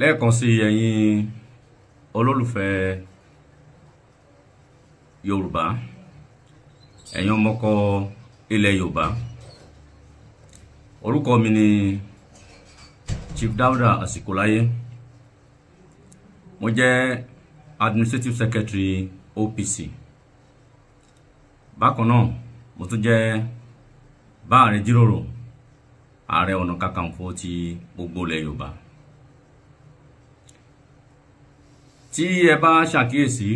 lẹ́ẹ̀kan sí ẹ̀yin olólùfẹ́ yorùbá ẹ̀yin ọmọkọ ilẹ̀ yorùbá orúkọ mi ni chief dauda asikolaye mo jẹ́ administrative secretary opc bákan náà mo tún jẹ́ bá ààrẹ jíròrò ààrẹ ọ̀nà kakanfò ti gbogbo ilẹ̀ yorùbá tí ẹ bá ṣàkíyèsí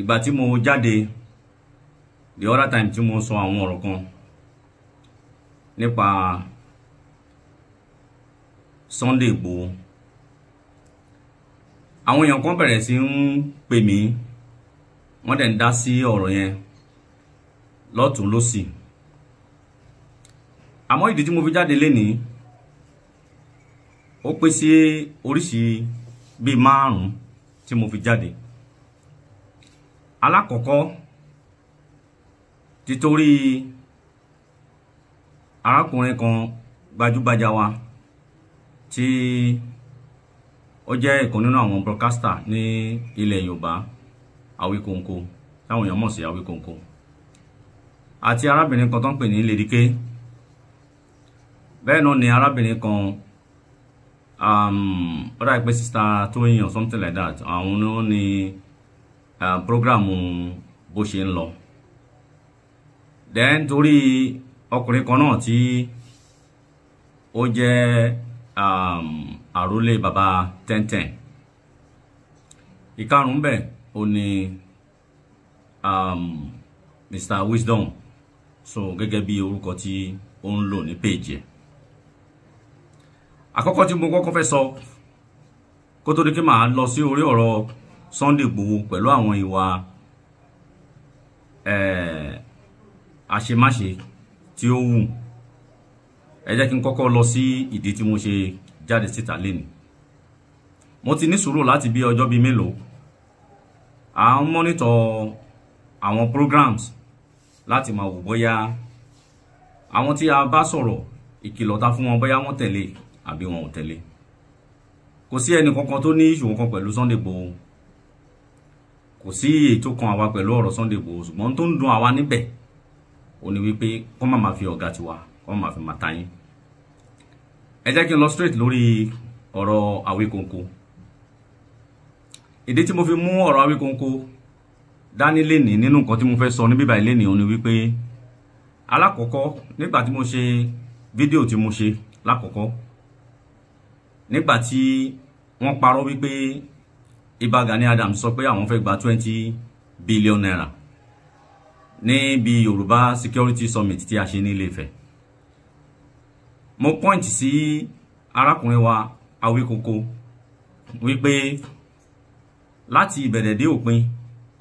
ìgbà tí mo jáde the other time tí mo sọ àwọn ọ̀rọ̀ kan nípa Sunday Igboho àwọn èèyàn kan bẹ̀rẹ̀ sí ń pè mí wọ́n dẹ̀ ń dá sí ọ̀rọ̀ yẹn lọ́tún lọ́sì àmọ́ ìdí tí mo fi jáde lénìí ó pèsè oríṣìí bíi márùn-ún tí mo fi jáde alákọ̀ọ́kọ́ títorí arákùnrin kan gbajúgbajà wa tí ó jẹ́ ìkan nínú àwọn broadcaster ní ilẹ̀ Yorùbá Awíkonko táwọn èèyàn mọ̀ sí Awíkonko àti arábìnrin kan tó ń pè ní Ledike bẹ́ẹ̀ náà ni arábìnrin kan um, ó dàbí pé sista Tóyìn or something like that àwọn ló ní uh, program bó ṣe ń then torí ọkùnrin kan náà tí ó jẹ́ um, àrólé baba tẹ́ntẹ́n ìkarùn-ún bẹ̀ ó ní um, Mr Wisdom so gẹ́gẹ́ bí orúkọ tí ó ń lò ní àkọ́kọ́ tí mo kọ́kọ́ fẹ́ sọ kó tó di kí màá lọ sí orí ọ̀rọ̀ Sunday Igboho pẹ̀lú àwọn ìwà àṣemáṣe tí ó wù ẹ jẹ́ kí n kọ́kọ́ lọ sí ìdí tí mo ṣe jáde síta lénìí mo ti ní sùúrù láti bí ọjọ́ bíi mélòó à ń mọ́nítọ̀ àwọn programs láti máa wò bóyá àwọn tí a bá sọ̀rọ̀ ìkìlọ̀ fún wọn bóyá wọ́n tẹ̀lé àbí wọn ò tẹ̀lé kò sí ẹnì kankan tó ní ìṣòwò kan pẹ̀lú Sunday Igboho kò sí ètò kan àwa pẹ̀lú ọ̀rọ̀ Sunday Igboho ṣùgbọ́n tó ń dùn àwa níbẹ̀ ó ní wípé kọ́ má máa fi ọ̀gá tiwa kọ́ má máa fi máa ta yín ẹ jẹ́ kí n lọ straight lórí ọ̀rọ̀ Awikonko ìdí tí mo fi mú ọ̀rọ̀ Awikonko dání lénìí nínú nǹkan tí mo fẹ́ sọ ní bíbá ilé nìyẹn ni wípé alákọ̀ọ́kọ́ nígbà tí mo ṣe fídíò tí mo ṣe lákọ̀ọ́kọ́ nígbà tí wọ́n parọ́ wípé Ìbà Gani Adams sọ pé àwọn fẹ́ gba twenty billion naira níbi Yorùbá security summit tí a ṣe ní Ilé-Ifẹ̀ mo point sí arákùnrin wa Awíkókó wípé láti ìbẹ̀rẹ̀ dé òpin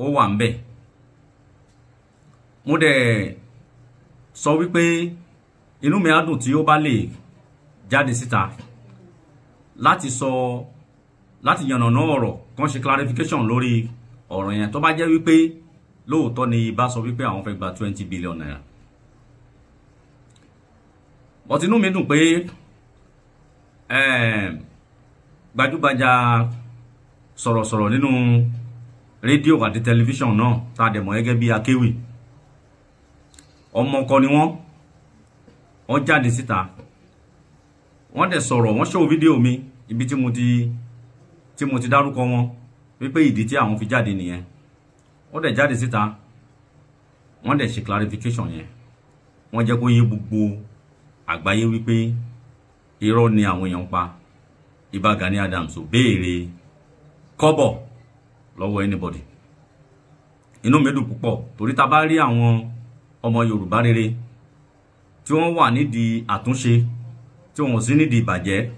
ó wà ń bẹ̀ mo dẹ̀ sọ wípé inú mi á dùn tí ó bá lè jáde síta láti sọ láti yànnàná ọ̀rọ̀ kan ṣe clarification lórí ọ̀rọ̀ yẹn tó bá jẹ́ wípé lóòótọ́ ni ibà sọ wípé àwọn fẹ́ gba twenty billion naira but inú mi dùn pé eh, gbajúgbajà sọ̀rọ̀sọ̀rọ̀ nínú rédíò àti tẹlifíṣàn náà tá a dẹ̀ mọ̀ gẹ́gẹ́ bí akéwì ọmọ ọkọ ni wọ́n wọ́n jáde síta wọ́n dẹ̀ sọ̀rọ̀ wọ́n ṣòwò fídíò mi ibi tí mo ti tí mo ti dárúkọ wọn wípé ìdí tí àwọn fi jáde nìyẹn wọ́n dẹ̀ jáde síta wọ́n dẹ̀ ṣe clarification yẹn wọ́n jẹ́ kó yé gbogbo àgbáyé wípé irọ́ ni àwọn èèyàn pa Ìbà Gani Adams ò béèrè kọ́bọ̀ lọ́wọ́ anybody inú mi dùn púpọ̀ torí ta bá rí àwọn ọmọ Yorùbá rere tí wọ́n wà nídìí àtúnṣe tí wọn ò sí nídìí ìbàjẹ́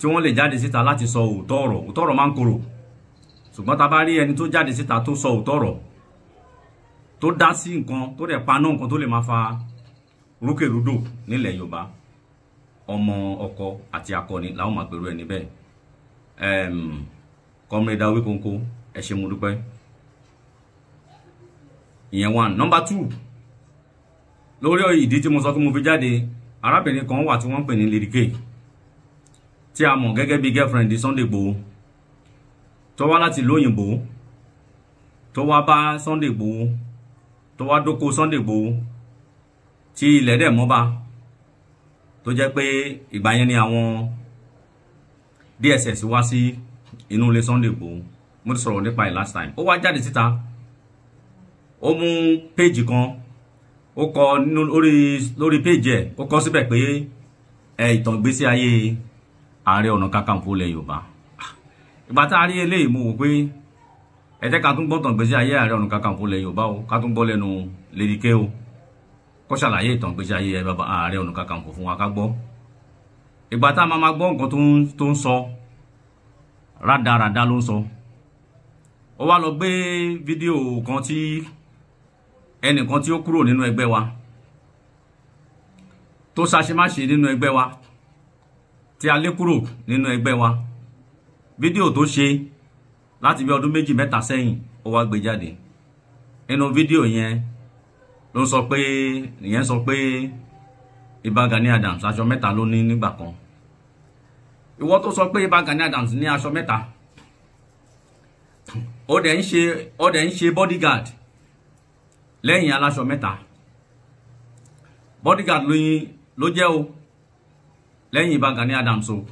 tí wọ́n lè jáde síta láti sọ òótọ́ ọ̀rọ̀ òótọ́ ọ̀rọ̀ máa ń korò ṣùgbọ́n ta bá rí ẹni tó jáde síta tó sọ òótọ́ ọ̀rọ̀ tó dá sí nǹkan tó dẹ̀ paná nǹkan tó lè máa fa rúkèrúdò nílẹ̀ Yorùbá ọmọ ọkọ àti akọni làwọn máa pèrò ẹni bẹ́ẹ̀ kọ́mírẹ́dà Awíkonko ẹ ṣé mo dúpẹ́ ìyẹn one number two lórí ìdí tí mo sọ pé mo fi jáde arábìnrin kan wà tí wọ́n ń pè ní lirike tí a mọ̀ gẹ́gẹ́ bí girlfriend Sunday Igboho tó wá láti lóyìnbó tó wá bá Sunday Igboho tó wá dóko Sunday Igboho tí ilẹ̀ dẹ̀ mọ́ba tó jẹ́ pé ìgbà yẹn ni àwọn DSS wá sí inú ilé Sunday Igboho mo ti sọ̀rọ̀ nípa ẹ̀ last time ó wá jáde síta ó mú péèjì kan ó kọ lórí lórí péjì ẹ̀ ó kọ síbẹ̀ pé ẹ ìtàn ìgbésí ayé ààrẹ ọ̀nà kakanfò ilẹ̀ yorùbá ah, ìgbà tá a rí eléyìí mo wò pé ẹ jẹ́ ká tún gbọ́ tàn ìgbésí ayé ààrẹ ọ̀nà kakanfò ilẹ̀ yorùbá o ká tún gbọ́ lẹ́nu lédìké o kó ṣàlàyé ìtàn ìgbésí ayé ẹ bàbá ààrẹ ọ̀nà kakanfò fún wa ká gbọ́ ìgbà tá a máa ma gbọ́ nǹkan tó ń sọ rádaràda ló ń sọ ó wá lọ gbé fídíò kan tí ẹnìkan tí ó kúrò nínú ẹgbẹ́ wa tó ṣàṣemáṣe nínú ẹgbẹ́ wa tí a lé kúrò nínú ẹgbẹ́ wa fídíò tó ṣe láti bí ọdún méjì mẹ́ta sẹ́yìn ó wá gbé jáde nínú fídíò yẹn ló sọ pé ìyẹn sọ pé Ìbà Gani Adams aṣọ mẹ́ta ló ní nígbà kan ìwọ tó sọ pé Ìbà Gani Adams ní aṣọ mẹ́ta ó dẹ̀ ń ṣe ó dẹ̀ ń ṣe bodyguard lẹ́yìn aláṣọ mẹ́ta bodyguard lóyin ló jẹ́ o lẹ́yìn Ìbà Gani Adams o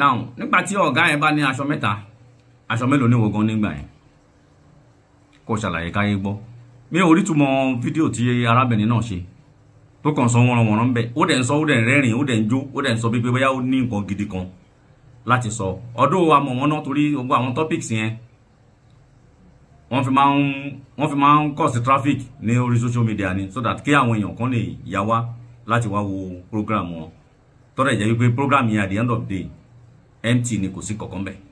now nígbà tí ọ̀gá yẹn bá ní aṣọ mẹ́ta aṣọ mélòó ní wọ̀gán nígbà yẹn kò ṣàlàyé káyé gbọ́ mi ò rí túmọ̀ fídíò tí arábìnrin náà ṣe tó kàn sọ wọ́nranwọ̀nran ń bẹ̀ ó dẹ̀ ń sọ ó dẹ̀ ń rẹ́rìn ó dẹ̀ ń jó ó dẹ̀ ń sọ bíi pé bóyá ó ní nǹkan gidi kan láti sọ ọdún àmọ̀ wọn náà torí gbogbo àwọn topics yẹn wọ́n fi máa ń wọ́n fi máa ń cause traffic ní orí social media ni so that kí àwọn èèyàn kan lè yá wá láti wá wo program wọn tọ́lá ìjẹ́ wípé program yẹn at the end of the day empty ni kò sí kankan bẹ́ẹ̀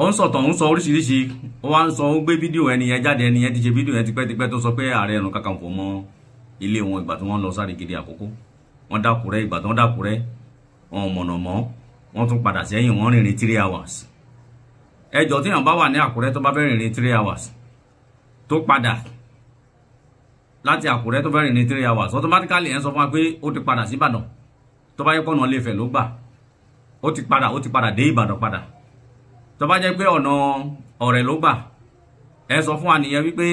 ó ń sọ̀tàn ó ń sọ oríṣiríṣi ó wá ń sọ ó gbé fídíò ẹni yẹn jáde ẹni yẹn ti ṣe fídíò yẹn tipẹ́tipẹ́ tó sọ pé ààrẹ ọ̀nà kakanfò mọ ilé wọn ìgbà tí wọ́n lọ sáré gidi àkókò wọ́n dákúrẹ́ ìgbà tí wọ́n dákúrẹ́ wọn ò mọ̀nà mọ́ wọ́n tún padà sẹ́yìn wọ́n rìnrìn three hours ẹjọ́ téèyàn bá wà ní àkúrẹ́ tó bá fẹ́ rìnrìn three hours tó padà láti àkúrẹ́ tó fẹ́ rìnrìn three hours automatically ẹ̀ ń sọ fún wa pé ó ti padà sí ìbàdàn tó bá yẹ pé ọ̀nà ilé Ifẹ̀ ló gbà ó ti padà ó ti padà dé ìbàdàn padà tó bá jẹ́ pé ọ̀nà ọ̀rẹ́ ló gbà ẹ sọ fún wa nìyẹn wípé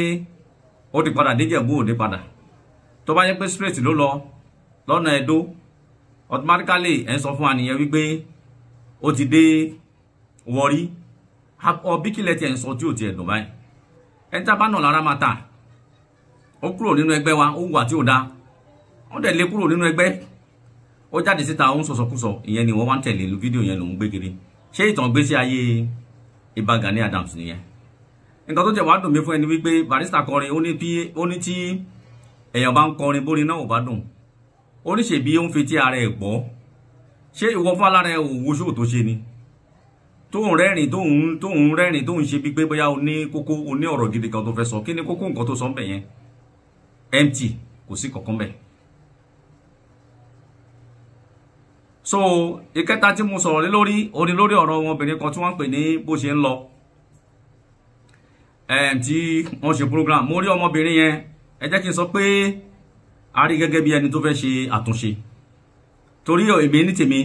ó ti padà dé Ìjẹ̀bú Òde padà tó bá jẹ́ pé straight ló lọ lọ́nà Ẹdó automatically ẹ sọ fún wa nìyẹn wípé ó ti dé Warri ọbí kílẹ̀ tiẹ̀ ń sọ tí ò tiẹ̀ dùn báyìí ẹni tá a bá nà lára máa tà ó kúrò nínú ẹgbẹ́ wa ó wà tí ò dáa ó dẹ̀ lé kúrò nínú ẹgbẹ́ ó jáde síta ó ń sọ̀sọ̀kúsọ ìyẹn ni wọ́n wá ń tẹ̀lé fídíò yẹn lòún gbé kiri ṣé ìtàn gbé sí ayé Ìbà Gani Adams nìyẹn nǹkan tó jẹ́ wàá dùn mí fún ẹni wípé Barrister kọrin ó ní bí ó ní tí èèyàn bá ń kọrin bórin náà ò bá dùn ó ní ṣèbí ó ń fetí ara ẹ̀ gbọ́ ṣé ìwọ fún alára ẹ̀ òwúṣò tó ṣe ni tóun rẹ́rìn tóun tóun rẹ́rìn tóun ṣe bíi pé bóyá o ní kókó o ní ọ̀rọ̀ gidi kan tó fẹ́ sọ kí ni kókó nǹkan tó sọ ń bẹ̀ yẹn empty kò sí kankan bẹ̀. so ìkẹta tí mo sọ̀rọ̀ lé lórí orí lórí ọ̀rọ̀ wọn obìnrin kan tí wọ́n ń pè ní bó ṣe ń lọ tí wọ́n ṣe program mo rí ọmọbìnrin yẹn ẹ jẹ́ kí n sọ pé a rí gẹ́gẹ́ bí ẹni tó fẹ́ ṣe àtúnṣe torí èmi ní tèmi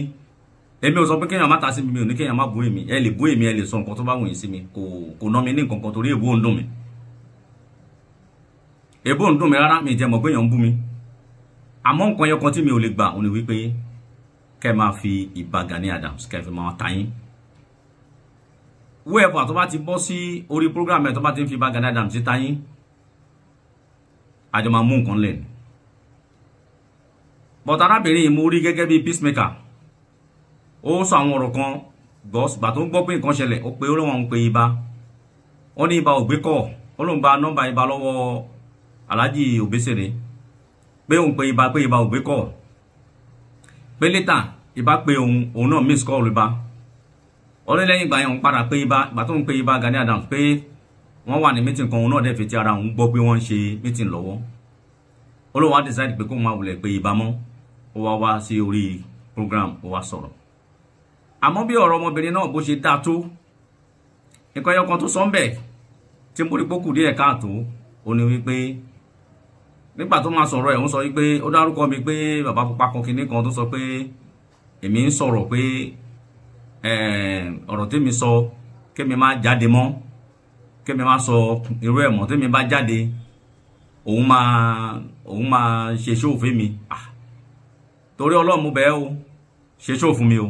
èmi ò sọ pé kéèyàn má ta sí mi mi ò ní kéèyàn má bú èmi ẹ lè bú èmi ẹ lè sọ nǹkan tó bá wòye sí mi kò kò ná mi ní nǹkan kan torí èbó ń dùn mí èbó ń dùn mí rárá mi jẹ́ mọ̀ ń bú mi àmọ́ nǹkan yẹn kan tí mi ò lè gbà òun ni wípé kẹ́ ẹ máa fi ìbà Gani Adams kẹ́ fi máa ta yín whoever tó bá ti bọ́ sí orí program ẹ̀ tó bá ti ń fi ìbà Gani Adams ta yín àjọ máa mú nǹkan lẹ̀ bọ̀tà arábìnrin yìí mo rí gẹ́gẹ́ bíi peacemaker ó sọ àwọn ọ̀rọ̀ kan gbà tó ń gbọ́ pé nǹkan ṣẹlẹ̀ ó pe olóhùn àwọn pe ibà wọ́n ní ibà ògbé kọ̀ olóhùn ba nọ́mbà ibà lọ́wọ́ aláàjì òbésèré pé òun pe ibà pé ibà ògbé kọ̀ pé létà ibà pe òun òun náà miss call ibà wọ́n ní lẹ́yìn ìgbà yẹn òun padà pe ibà ìgbà tó ń pe ibà Gani Adams pé wọ́n wà ní mítìn kan òun náà dẹ̀ fi ti ara òun gbọ́ pé wọ́n ń ṣe mítìn lọ́wọ́ olóhùn wa decide pé kóun máa wulẹ̀ pe ibà mọ́ ó wá wá sí orí program ó wá sọ̀rọ̀ àmọ́ bí ọ̀rọ̀ ọmọbìnrin náà bó ṣe dáa tó nǹkan ẹyọkan tó sọ ń bẹ̀ tí mo rí pé kù díẹ̀ káàtó ó ní wípé nígbà tó máa sọ̀rọ̀ ẹ̀ ń sọ wípé ó dárúkọ mi pé bàbá pupa kan kinní kan tó sọ pé èmi ń sọ̀rọ̀ pé ọ̀rọ̀ tèmi sọ kémi má jáde mọ́ kémi má sọ irú ẹ̀ mọ́ tèmi bá jáde òun máa òun máa ṣe ṣóòfé mi ah, torí ọlọ́run mo bẹ̀ ẹ́ o ṣe ṣóòfún mi o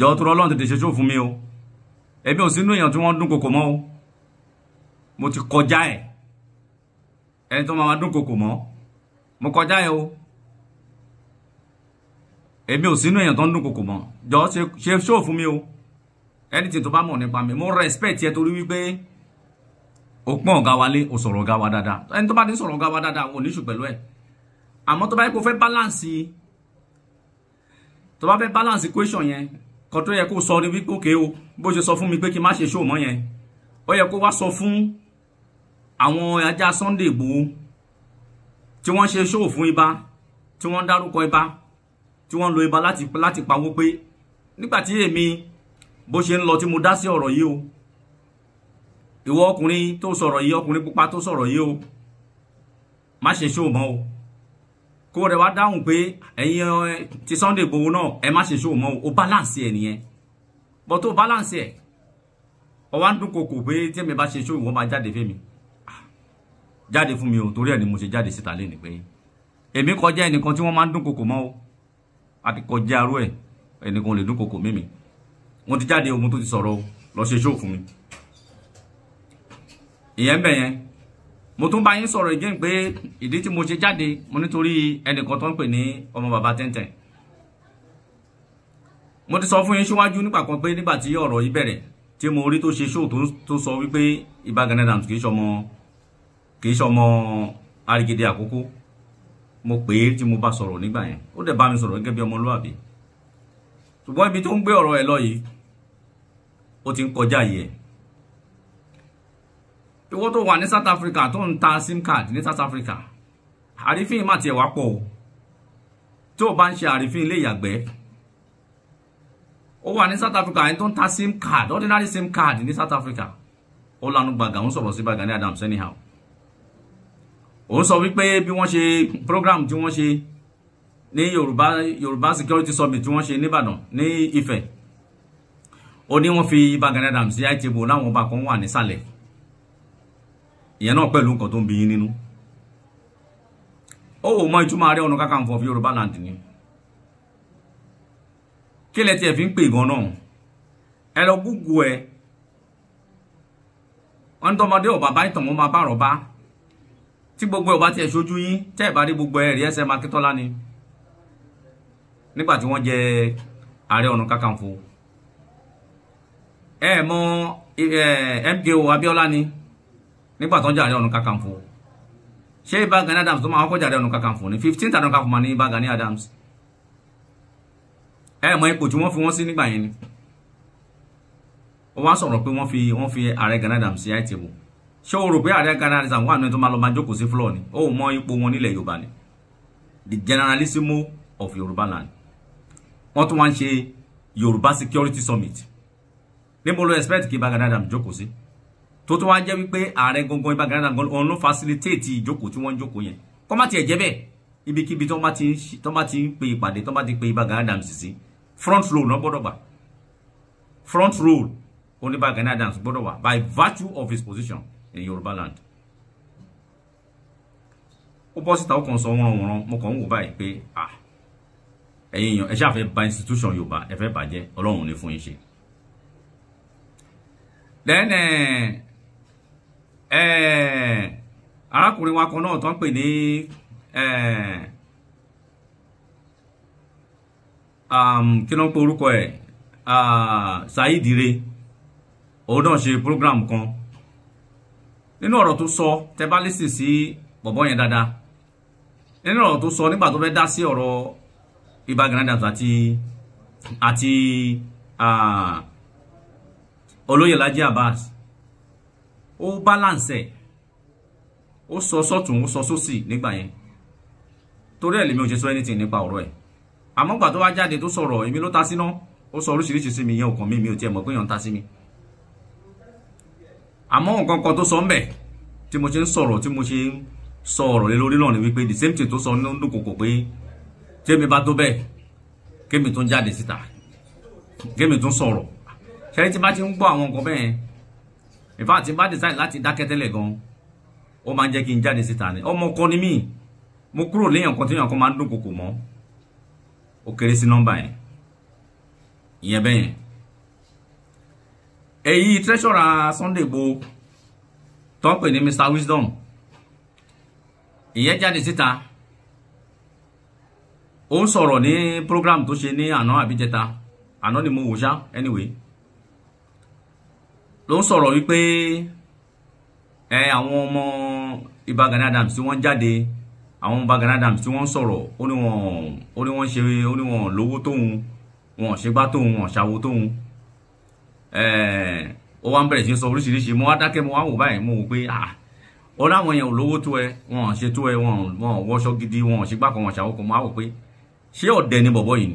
jọ̀ọ́ tó Ọlọ́run tètè ṣe ṣó fún mi o ẹbí ò sínú èèyàn tí wọ́n dún kòkò mọ́ o mo ti kọjá ẹ̀ ẹni tó máa dún kòkò mọ́ mo kọjá ẹ̀ o ẹbí ò sínú èèyàn tó ń dún kòkò mọ́ jọ̀ọ́ ṣe ṣó fún mi o ẹni tí tó bá mọ̀ nípa mi mo respect ẹ torí wípé o pọ́n ọ̀gá wa lé o sọ̀rọ̀ ọ̀gá wa dáadáa ẹni tó bá ti ń sọ̀rọ̀ ọ̀gá wa dáadáa o níṣù pẹ̀lú ẹ̀ àmọ́ tó bá yẹ kó fẹ́ balance tó bá fẹ́ balance equation yẹn kan tó yẹ kó sọ ni wípé òkè o bó ṣe sọ fún mi pé kí n má ṣe ṣó mọ́ yẹn ó yẹ kó wá sọ fún àwọn ajá Sunday Igboho tí wọ́n ṣe ṣó fún ibà tí wọ́n dárúkọ ibà tí wọ́n lo ibà láti láti pawó pé nígbà èmi bó ṣe ń lọ tí mo dá sí ọ̀rọ̀ yìí o ìwọ ọkùnrin tó sọ̀rọ̀ yìí ọkùnrin pupa tó sọ̀rọ̀ yìí o má ṣe ṣó mọ́ o kó rẹ wá dáhùn pé ẹ̀yin ti Sunday Igboho náà ẹ má ṣe ṣòwò o balance ẹ̀ nìyẹn bọ́ tó balance ẹ̀ ọ wá ń dún kòkò pé tí èmi bá ṣe ṣòwò wọ́n máa jáde fún mi ah, jáde fún mi o torí ẹ̀ ni mo ṣe jáde síta lẹ́nu pé èmi kọjá ẹnìkan tí wọ́n máa ń dún kòkò mọ́ o àti kọjá arú ẹ̀ ẹnìkan lè dún kòkò mímì wọ́n ti jáde ohun tó ti sọ̀rọ̀ o lọ ṣe ṣòwò fún mi ìyẹn bẹ̀yẹn mo tún bá yín sọ̀rọ̀ again pé ìdí tí mo ṣe jáde mo nítorí ẹnìkan tó ń pè ní ọmọ bàbá tẹ́ntẹ́n mo ti sọ fún yín síwájú nípa kan pé nígbà tí ọ̀rọ̀ yìí bẹ̀rẹ̀ tí mo rí tó ṣe ṣóò tó sọ wípé Ìbà kì í ṣọmọ kì í ṣọmọ Àrìgìdì Àkókó mo pè é tí mo bá sọ̀rọ̀ nígbà yẹn ó dẹ̀ bá mi sọ̀rọ̀ gẹ́gẹ́ bí ọmọlúwàbí ṣùgbọ́n ibi tó ń gbé ọ̀rọ̀ ẹ̀ lọ yìí ó ti ń kọjá yìí ẹ̀ ìwọ tó wà ní South Africa tó ń ta sim card ní South Africa àrífín má tiẹ̀ wá pọ̀ o tó o bá ń ṣe àrífín ilé ìyàgbẹ́ ó wà ní South Africa ẹni tó ń ta sim card ordinary sim card ní South Africa ó lanu gbàgà ń sọ̀rọ̀ sí Gani Adams anyhow ó sọ wípé bí wọ́n ṣe program tí wọ́n ṣe ní Yorùbá Yorùbá security summit tí wọ́n ṣe nìbàdàn ní Ifẹ̀ ó ní wọ́n fi Gani Adams sí àìtìbò láwọn ọba kan wà nísàlẹ̀ ìyẹn náà pẹ̀lú nǹkan tó ń bí yín nínú ó wò mọ ìtumọ̀ Ààrẹ Ọ̀nà Kakanfò of Yorùbá land ni kí lẹ tiẹ̀ fi ń pè gan náà ẹ lọ gúgù ẹ wọn tọmọdé ọba bá ìtàn wọn máa bá rọ bá tí gbogbo ọba tiẹ̀ ṣojú yín tẹ́ ẹ̀ bá rí gbogbo ẹ̀ rí ẹsẹ̀ Akíntọ́lá ni nígbà tí wọ́n jẹ Ààrẹ Ọ̀nà Kakanfò ẹ mọ MKO Abíọ́lá ni nígbà tó ń jàre ọ̀nà kakanfò ṣé bá Gani Adams tó máa kọ́kọ́ jàre ọ̀nà kakanfò ní fifteen tàdán kakanfò máa ní bá Gani Adams ẹ mọ ipò tí wọ́n fi wọ́n sí nígbà yẹn ni ó wá sọ̀rọ̀ pé wọ́n fi wọ́n fi ààrẹ Gani Adams sí àìtìbò ṣé o rò pé ààrẹ Gani Adams wà nínú tó máa lọ máa jókòó sí fúlọ̀ ni ó mọ ipò wọn nílẹ̀ Yorùbá ni the generalissimo of Yorùbá land wọ́n tún wá ń ṣe security summit níbo ló expect kí bá Gani Adams jókòó sí. Si tó tún wá jẹ́ wípé ààrẹ gangan Ìbà Gani Adams òun ló facilitate ìjókòó tí wọ́n ń jókòó yẹn kọ́ má tiẹ̀ jẹ́ bẹ́ẹ̀ ibikíbi tó má ti ń pe ìpàdé tó má ti pe Ìbà Gani Adams sí front row náà gbọ́dọ̀ wà front row òun Ìbà Gani Adams gbọ́dọ̀ wà by virtue of his position in Yorùbá land ó bọ́ síta ó kàn sọ wọ́n wọ́n mo kàn ń wò báyìí pé ah, ẹ̀yin èèyàn ẹ ṣáà fẹ́ institution Yorùbá ẹ fẹ́ bàjẹ́ Ọlọ́run ní fún yín ṣe. lẹ́nẹ̀ẹ́ Eh, arákùnrin wa kan náà tó pè ní eh, um, kí ló ń pe orúkọ ẹ̀ ah, Saheed Ire òun náà ṣe program kan nínú ọ̀rọ̀ tó sọ tẹ bá lẹ́sìn sí bọ̀bọ́ yẹn dáadáa nínú ọ̀rọ̀ tó sọ nígbà tó fẹ́ dá sí ọ̀rọ̀ Ìbà Gani àti àti ah, olóyè Laji Abbas ó balance ó sọ sọ́tún ó sọ sósì nígbà yẹn torí ẹ̀ lèmi ò ṣe sọ anything nípa ọ̀rọ̀ ẹ̀ àmọ́ gbà tó wá jáde tó sọ̀rọ̀ èmi ló ta síná ó sọ oríṣiríṣi sí mi yẹn ọkàn mi mi ò tiẹ̀ mọ̀ pé èèyàn ta sí mi àmọ́ nǹkan kan tó sọ ń bẹ̀ tí mo ṣe ń sọ̀rọ̀ tí mo ṣe ń sọ ọ̀rọ̀ lé lórí náà ni wípé the same thing tó sọ ní dúnkòkò pé tèmi bá tó bẹ́ẹ̀ kémi tó ń jáde síta kémi tó ń sọ̀rọ̀ ṣẹ́ni tí bá ti ń gbọ́ àwọn nǹkan bẹ́ẹ̀ in fact bá design láti dákẹ́ tẹ́lẹ̀ gan ó máa ń jẹ́ kí n jáde síta ni ọmọ ọkọ ni mí mo kúrò léèyàn kan téèyàn kan máa ń dúnkokò mọ́ ó kéré sí nọ́mbà yẹn ìyẹn bẹ́yẹn èyí treasurer Sunday Igboho tó ń pè ní Mr Wisdom ìyẹn jáde síta ó ń sọ̀rọ̀ ní program tó ṣe ní àná àbíjẹta àná ni mo wò ṣá anyway ló ń sọ̀rọ̀ wípé ẹ àwọn ọmọ Ìbà Adams tí wọ́n jáde àwọn ọmọ Adams tí wọ́n sọ̀rọ̀ ó ní wọ́n ó ní wọ́n ṣe ó ní wọ́n lówó tóun wọ́n ṣe tóun wọ́n ṣàwo tóun ó wá ń bẹ̀rẹ̀ sí sọ oríṣiríṣi mo wá dákẹ́ mo wá wò báyìí mo wò pé ah ó láwọn èèyàn lówó tó ẹ wọn ṣe tó ẹ wọn wọn wọṣọ gidi wọn ṣe kan wọn ṣàwo kan mo wá wò pé ṣé ọ̀dẹ̀ ni bọ̀bọ̀ yìí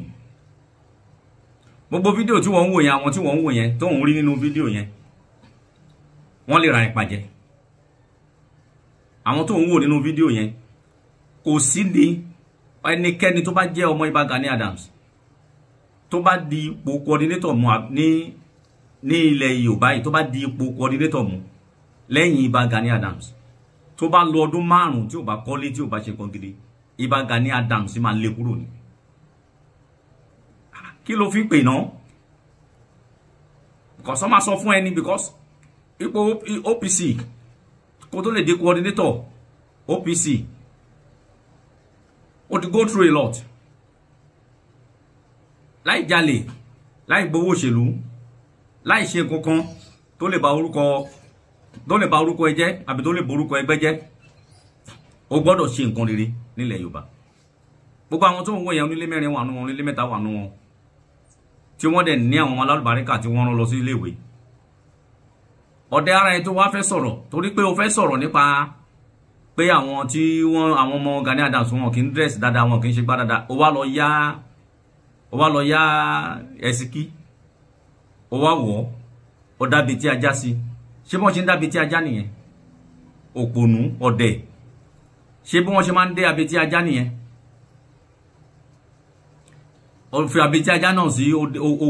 gbogbo fídíò tí wọ́n ń wò yẹn àwọn tí wọ́n ń wò yẹn tó rí nínú fídíò yẹn wọ́n lè ra ipa jẹ àwọn tó ń wò nínú fídíò yẹn kò sí ní ẹnikẹ́ni tó bá jẹ́ ọmọ Ìbà Gani Adams tó bá di ipò coordinator mu ní ní ilẹ̀ Yorùbá yìí tó bá di ipò coordinator mu lẹ́yìn Ìbà Gani Adams tó bá lò ọdún márùn-ún tí ò bá kọ́lé tí ò bá ṣe kan gidi Ìbà Gani Adams máa lé kúrò ní kí ló fi pè náà because wọ́n máa sọ fún ẹni because ipò OPC kó tó lè dé coordinator OPC ó ti go through a lot láì jalè láì gbowó òṣèlú láì ṣe kankan tó lè ba orúkọ tó lè ba orúkọ ẹ jẹ́ àbí tó lè borúkọ ẹgbẹ́ jẹ́ ó gbọ́dọ̀ ṣe nǹkan rere nílẹ̀ Yorùbá gbogbo àwọn tó ń wọ yẹn onílé mẹ́rin wà nù wọn onílé mẹ́ta wà nù wọn tí wọ́n dẹ̀ ní àwọn alálùbáríkà tí wọ́n rán lọ sí iléèwé ọ̀dẹ ara ẹ tó wá fẹ́ sọ̀rọ̀ torí pé o fẹ́ sọ̀rọ̀ nípa pé àwọn tí wọ́n àwọn ọmọ Gani Adams wọn kì í dírẹ́sì dáadáa wọn kì í ṣe gbá dáadáa o wá lọ yá o wá lọ yá ẹ̀sìkí o wá wọ̀ ọ́ o dábìí tí ajá sí ṣé bí wọ́n ṣe ń dábìí tí ajá nìyẹn òpònú ọ̀dẹ̀ ṣé bí wọ́n ṣe máa ń dé abetí ajá nìyẹn òfin abetí ajá náà sí o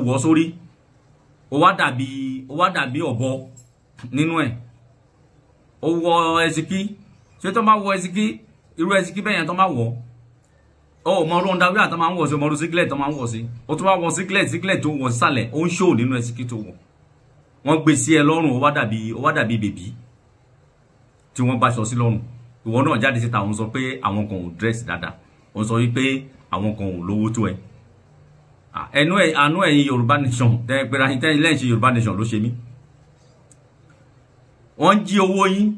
wọ̀ sórí o wá dàbí o wá dàbí ọ̀bọ nínú ẹ̀ ó wọ ẹsìkí ṣé tó bá wọ ẹsìkí irú ẹsìkí bẹ́ẹ̀ yẹn tó bá wọ̀ ó mọ ọrú ọ̀ndà wíwà tó máa ń ọmọ ọrú sígílẹ̀ tó máa wọ̀ sí ó tó bá wọ sígílẹ̀ sígílẹ̀ tó wọ̀ sálẹ̀ ó ń ṣó nínú ẹsìkí tó wọ̀ wọ́n gbé sí ẹ lọ́rùn ó dàbí ó dàbí bèbí tí wọ́n bá aṣọ sí lọ́rùn ìwọ náà jáde síta òun sọ pé àwọn kan ò dírẹ́sì dáadáa òun sọ wípé àwọn kan ò lówó tó ẹ ẹnu ẹ àánú ẹ̀yin Yorùbá nation tẹ pẹ̀lú àyíntẹ́yìn lẹ́yìn ṣe Yorùbá nation ló ṣe mí wọ́n jí owó yín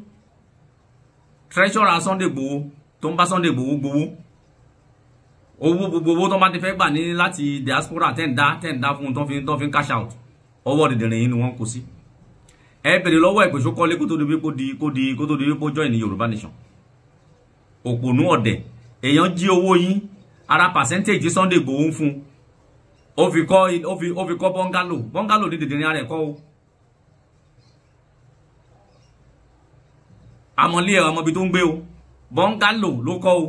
treasurer Sunday Igboho tó ń bá Sunday Igboho gbowó owó gbogbo owó tó ń bá ti fẹ́ gbà ní láti diaspora tẹ́ ń dá tẹ́ ń dá fún un tó fi ń cash out ọwọ́ dẹ̀dẹ̀rẹ̀ yín ni wọ́n kó sí ẹ bèrè lọ́wọ́ ẹ̀ pé ṣó kọ́lé kó tó di kó di kó di kó tó di kó join ní Yorùbá nation òpònú ọ̀dẹ̀ èèyàn jí owó yín ara percentage Sunday Igboho ń fún ó fi kọ́ ó fi kọ́ bọ́ngálò bọ́ngálò ní dẹ̀dẹ̀rẹ̀ ara ẹ̀ kọ́ o. àmọ́lé ẹ̀ ọmọbi tó ń gbé o bọ́ńgálò ló kọ́ o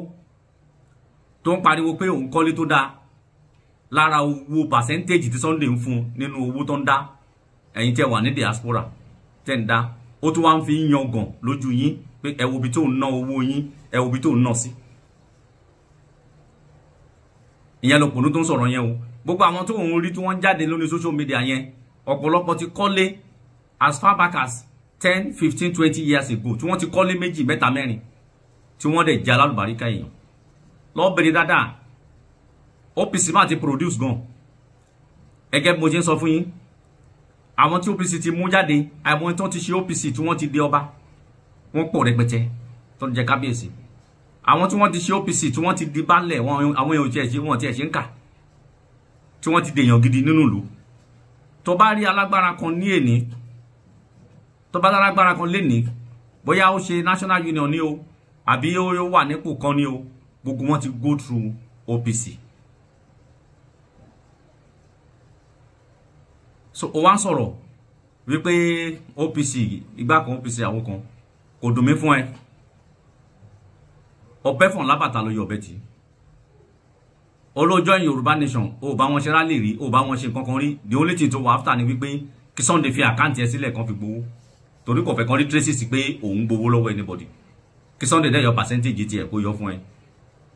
tó ń pariwo pé òun kọ́lé tó dáa lára owó pàṣẹ́ntéèjì tí Sunday ń fún nínú owó tó ń dá ẹ̀yin tẹ́ wà ní diaspora tẹ́ ń dá ó tún wá ń fi yangàn lójú yín pé ẹ wo ibi tó ń ná owó yín ẹ wo ibi tó ń ná sí. ìyẹn lòpònú tó ń sọ̀rọ̀ yẹn o gbogbo àwọn tó ń rí tí wọ́n jáde lórí social media yẹn ọ̀pọ̀lọpọ̀ ti kọ́lé as far back as ten fifteen twenty years ago tí wọ́n ti kọ́lé méjì mẹ́ta mẹ́rin tí wọ́n dẹ̀ jẹ́ alálùbáríkà èèyàn lọ́ọ́ bèrè dáadáa OPC máa ti produce gan gẹ́gẹ́ bí mo ṣe ń sọ fún yín àwọn tí OPC ti mú jáde àwọn tí wọ́n ti ṣe OPC tí wọ́n ti dé ọba wọ́n pọ̀ rẹpẹtẹ tó ń jẹ kábíyèsí àwọn tí wọ́n ti ṣe OPC tí wọ́n ti di baálẹ̀ àwọn èèyàn tiẹ̀ ṣe wọ́n tiẹ̀ ṣe ń kà tí wọ́n ti dèèyàn gidi nínú ìlú tó bá rí alágbára kan ní èní tó bá lágbára kan lénìí bóyá ó ṣe national union ni o àbí ó wà nípò kan ni o gbogbo wọn ti go through OPC so ó wá ń sọ̀rọ̀ wípé OPC ìgbà kan OPC àwọn kan kò dùn mí fún ẹ ọbẹ̀ fún lábàtà ló yọ ọbẹ̀ tì í olójọ́ Yorùbá nation ò bá wọn ṣe rálì rí ò bá wọn ṣe kankan rí the only thing tó wà after ni wípé kí Sunday fi àkáǹtì ẹ sílẹ̀ kan fi gbowó torí kò fẹ́ kán rí traces pé òun gbowó lọ́wọ́ anybody kí Sunday dẹ́ yọ percentage tiẹ̀ kó yọ fún ẹ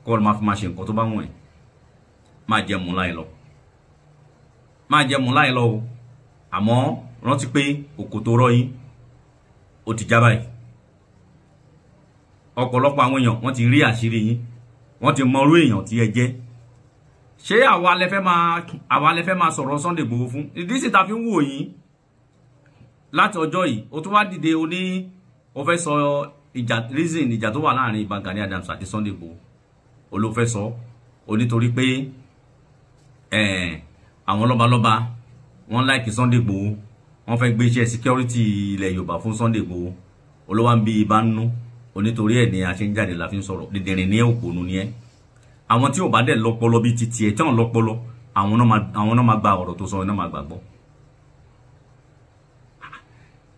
kó o máa fi máa ṣe nǹkan tó bá wọ̀n ẹ máa jẹ mú láì lọ máa jẹ mú láì lọ o àmọ́ rántí pé òkò tó rọ yín ó ti já báyìí ọ̀pọ̀lọpọ̀ àwọn èèyàn wọ́n ti rí àṣírí yín wọ́n ti mọ irú èèyàn tí ẹ jẹ́ ṣé àwa lẹ máa àwa lẹ máa sọ̀rọ̀ Sunday Igboho fún ìdí sì ta fi ń wò yín láti ọjọ́ yìí o tún wá dìde o ní o fẹ́ sọ ìjà reason ìjà tó wà láàrin Ìbà Gani Adams àti Sunday Igboho o ló fẹ́ sọ o nítorí pé àwọn lọ́balọ́ba wọ́n láìkí Sunday Igboho wọ́n fẹ́ gbé iṣẹ́ security ilẹ̀ Yorùbá fún Sunday Igboho olówó ń bí ibà ń nú onítorí ẹ̀ ni a ṣe ń jáde la fi ń sọ̀rọ̀ dìndìnrín ní òpònú ni ẹ́ àwọn tí ò bá dẹ̀ lọ́pọlọ bíi titi ẹ̀ tí wọ́n lọ́pọlọ àwọn náà máa gba ọ̀rọ̀ tó sọ náà máa gbàgbọ́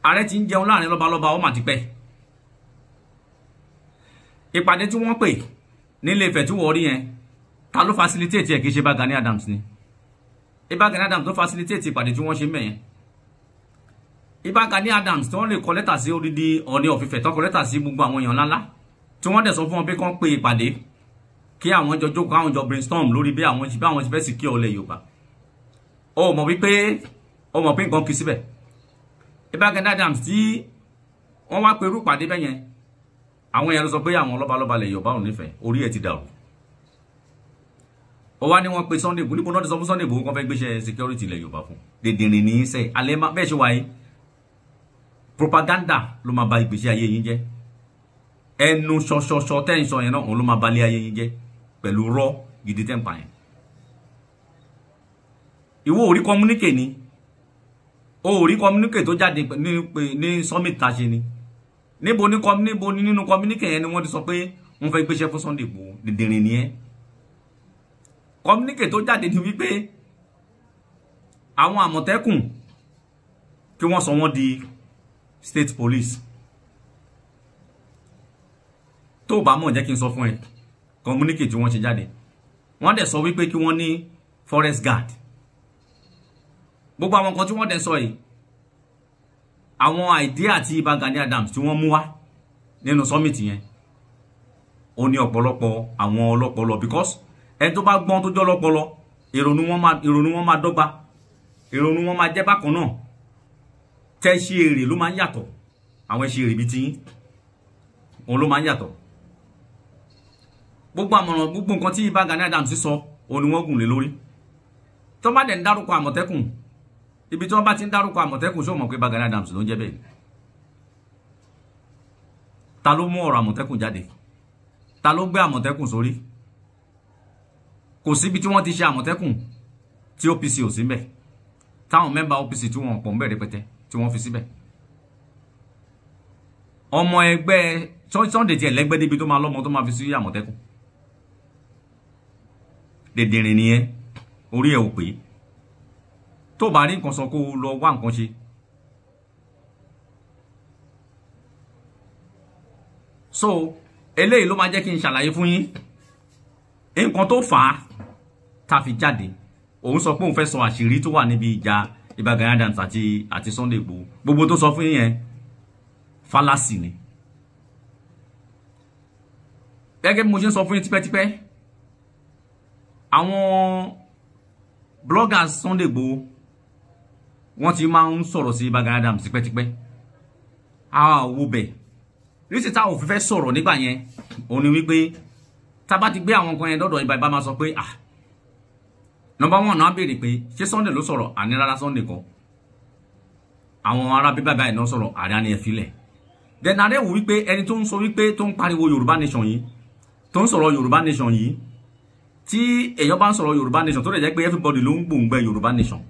ààrẹ ti ń jẹun láàrin lọ́balọ́ba ó mà ti pẹ́ ìpàdé tí wọ́n pè nílé Ifẹ̀ tí wọ́n rí yẹn ta ló facilitate ẹ̀ kì í ṣe bá Gani Adams ni ibà Gani Adams tó facilitate ìpàdé tí wọ́n ṣe mẹ́yẹn ibà Gani Adams tí wọ́n lè kọ lẹ́tà sí odidi Ọọ̀ni of Ifẹ̀ tó kọ lẹ́tà sí gbogbo àwọn èèyàn ńláńlá tí wọ́n dẹ̀ sọ fún wọn pé kán pe ìpàdé kí àwọn jọ jókòó àwọn jọ brainstorm lórí bí àwọn bí àwọn ti fẹ́ sì kí ọ̀lẹ̀ Yorùbá ó mọ̀ wípé ó mọ̀ pé nǹkan kì í síbẹ̀ Ìbákẹ́ni Adams tí wọ́n wá perú pàdé bẹ́yẹn àwọn èèyàn ló sọ pé àwọn lọ́balọ́ba lè Yorùbá ò nífẹ̀ẹ́ orí ẹ̀ ti dàrú ó wá ní wọn pe Sunday Igboho níbo náà ti sọ fún Sunday Igboho kan fẹ́ gbéṣẹ́ security ilẹ̀ Yorùbá fún dèdèrè ní í sẹ alẹ má bẹ́ẹ̀ ṣe wáyé propaganda ló máa ba ìgbésí ayé yín jẹ́ ẹnu ṣọṣọṣọ tẹ́ ń sọ yẹn náà òun ló máa balẹ̀ ayé yín jẹ́ pẹ̀lú rọ gidi tẹ́ ń yẹn ìwọ orí communicate ni o ò rí communique tó jáde ní pé ní summit ta ṣe ni níbo ní níbo ní nínú communique yẹn ni wọ́n ti sọ pé wọ́n fẹ́ gbéṣẹ́ fún Sunday Igboho dìndìnrín ni ẹ́ communique tó jáde ni wípé àwọn àmọ̀tẹ́kùn kí wọ́n sọ wọ́n di state police tó bá mọ̀ jẹ́ kí n sọ fún ẹ communique tí wọ́n ṣe jáde wọ́n dẹ̀ sọ wípé kí wọ́n ní forest guard gbogbo àwọn nǹkan tí wọ́n dẹ̀ sọ yìí àwọn àìdí àti Ìbà Gani Adams tí wọ́n mú wá nínú summit yẹn ó ní ọ̀pọ̀lọpọ̀ àwọn ọlọ́pọlọ because ẹni tó bá gbọ́n tó jọ́ ọlọ́pọlọ ìrònú wọn máa ìrònú wọn máa dọ́gba ìrònú wọn máa jẹ́ bákan náà tẹ́ ṣe èrè ló máa ń yàtọ̀ àwọn ẹṣin èrè bíi tiyín òun ló máa ń yàtọ̀ gbogbo àmọ̀ràn gbogbo nǹkan tí Ìbà Gani Adams sọ òun ni wọ́n gùn lé lórí tó bá dẹ̀ ń dárúkọ àmọ̀tẹ́kùn ibi tí wọ́n bá ti ń dárúkọ àmọ̀tẹ́kùn sọ mọ̀ pé Gani Adams ló ń jẹ́ bẹ́ẹ̀ ni ta ló mú ọ̀rọ̀ àmọ̀tẹ́kùn jáde ta ló gbé àmọ̀tẹ́kùn sórí kò síbi tí wọ́n ti ṣe àmọ̀tẹ́kùn tí OPC ò sí mbẹ̀ táwọn mẹ́mbà OPC tí wọ́n pọ̀ mbẹ̀ rẹpẹtẹ tí wọ́n fi síbẹ̀ ọmọ ẹgbẹ́ Sunday tiẹ̀ lẹ́gbẹ́ débi tó máa lọ́mọ tó máa fi sí àmọ̀tẹ́kùn dèdèrè nìyẹn orí ẹ̀ ò pé tó bá rí nǹkan san kó lọ wá nǹkan ṣe so eléyìí ló máa jẹ́ kí n ṣàlàyé fún yín nǹkan tó fà á tá a fi jáde òun sọ pé òun fẹ́ sọ àṣírí tó wà níbi ìjà Ìbà Gani Adams àti àti Sunday Igboho gbogbo tó sọ fún yín yẹn fálásì ni gẹ́gẹ́ bí mo ṣe ń sọ fún yín tipẹ́tipẹ́ àwọn bloggers Sunday Igboho wọ́n ti máa ń sọ̀rọ̀ sí Bàgá Adams tipẹ́tipẹ́ àwọ̀ bẹ̀ níṣẹ́ táwọn òfin fẹ́ sọ̀rọ̀ nígbà yẹn òun ni wípé tá ti gbé àwọn nǹkan yẹn dọ́dọ̀ ibà máa sọ pé ah nọ́mbà wọn náà béèrè pé ṣé Sunday ló sọ̀rọ̀ àní rárá Sunday kọ́ àwọn ará bíbá báyìí náà sọ̀rọ̀ àrí àní ẹ̀ filẹ̀ then àrẹ wò wípé ẹni tó ń sọ wípé tó ń pariwo Yorùbá nation yìí tó ń sọ̀rọ̀ Yorùbá nation yìí tí èèyàn bá ń sọ̀rọ̀ Yorùbá nation tó lè jẹ́ pé everybody ló ń gbòǹgbẹ Yorùbá nation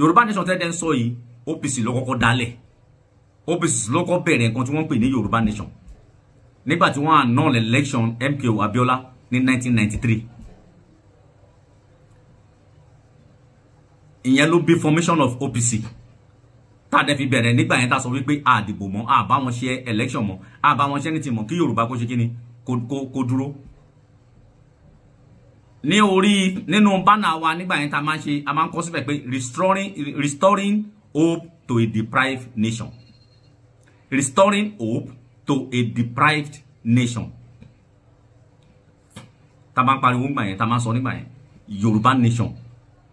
yorùbá nation tẹ́lẹ̀ ń sọ yìí OPC ló kọ́kọ́ dálẹ̀ OPC ló kọ́ bẹ̀rẹ̀ nǹkan tí wọ́n ń pè ní yorùbá nation nígbà tí wọ́n annul election MKO Abiola ní 1993 ìyẹn ló bí formation of OPC tá a dẹ̀ fi bẹ̀rẹ̀ nígbà yẹn tá a sọ wípé àdìbò mọ́ àbá wọn ṣe election mọ́ àbá wọn ṣe anything mọ́ kí yorùbá kó ṣe kí ni kó dúró ní orí nínú bánà wa nígbà yẹn tá a máa ń ṣe a máa ń kọ síbẹ̀ pé restoring restoring hope to a deprived nation restoring hope to a deprived nation tá a máa ń pariwo nígbà yẹn tá máa ń sọ nígbà yẹn yorùbá nation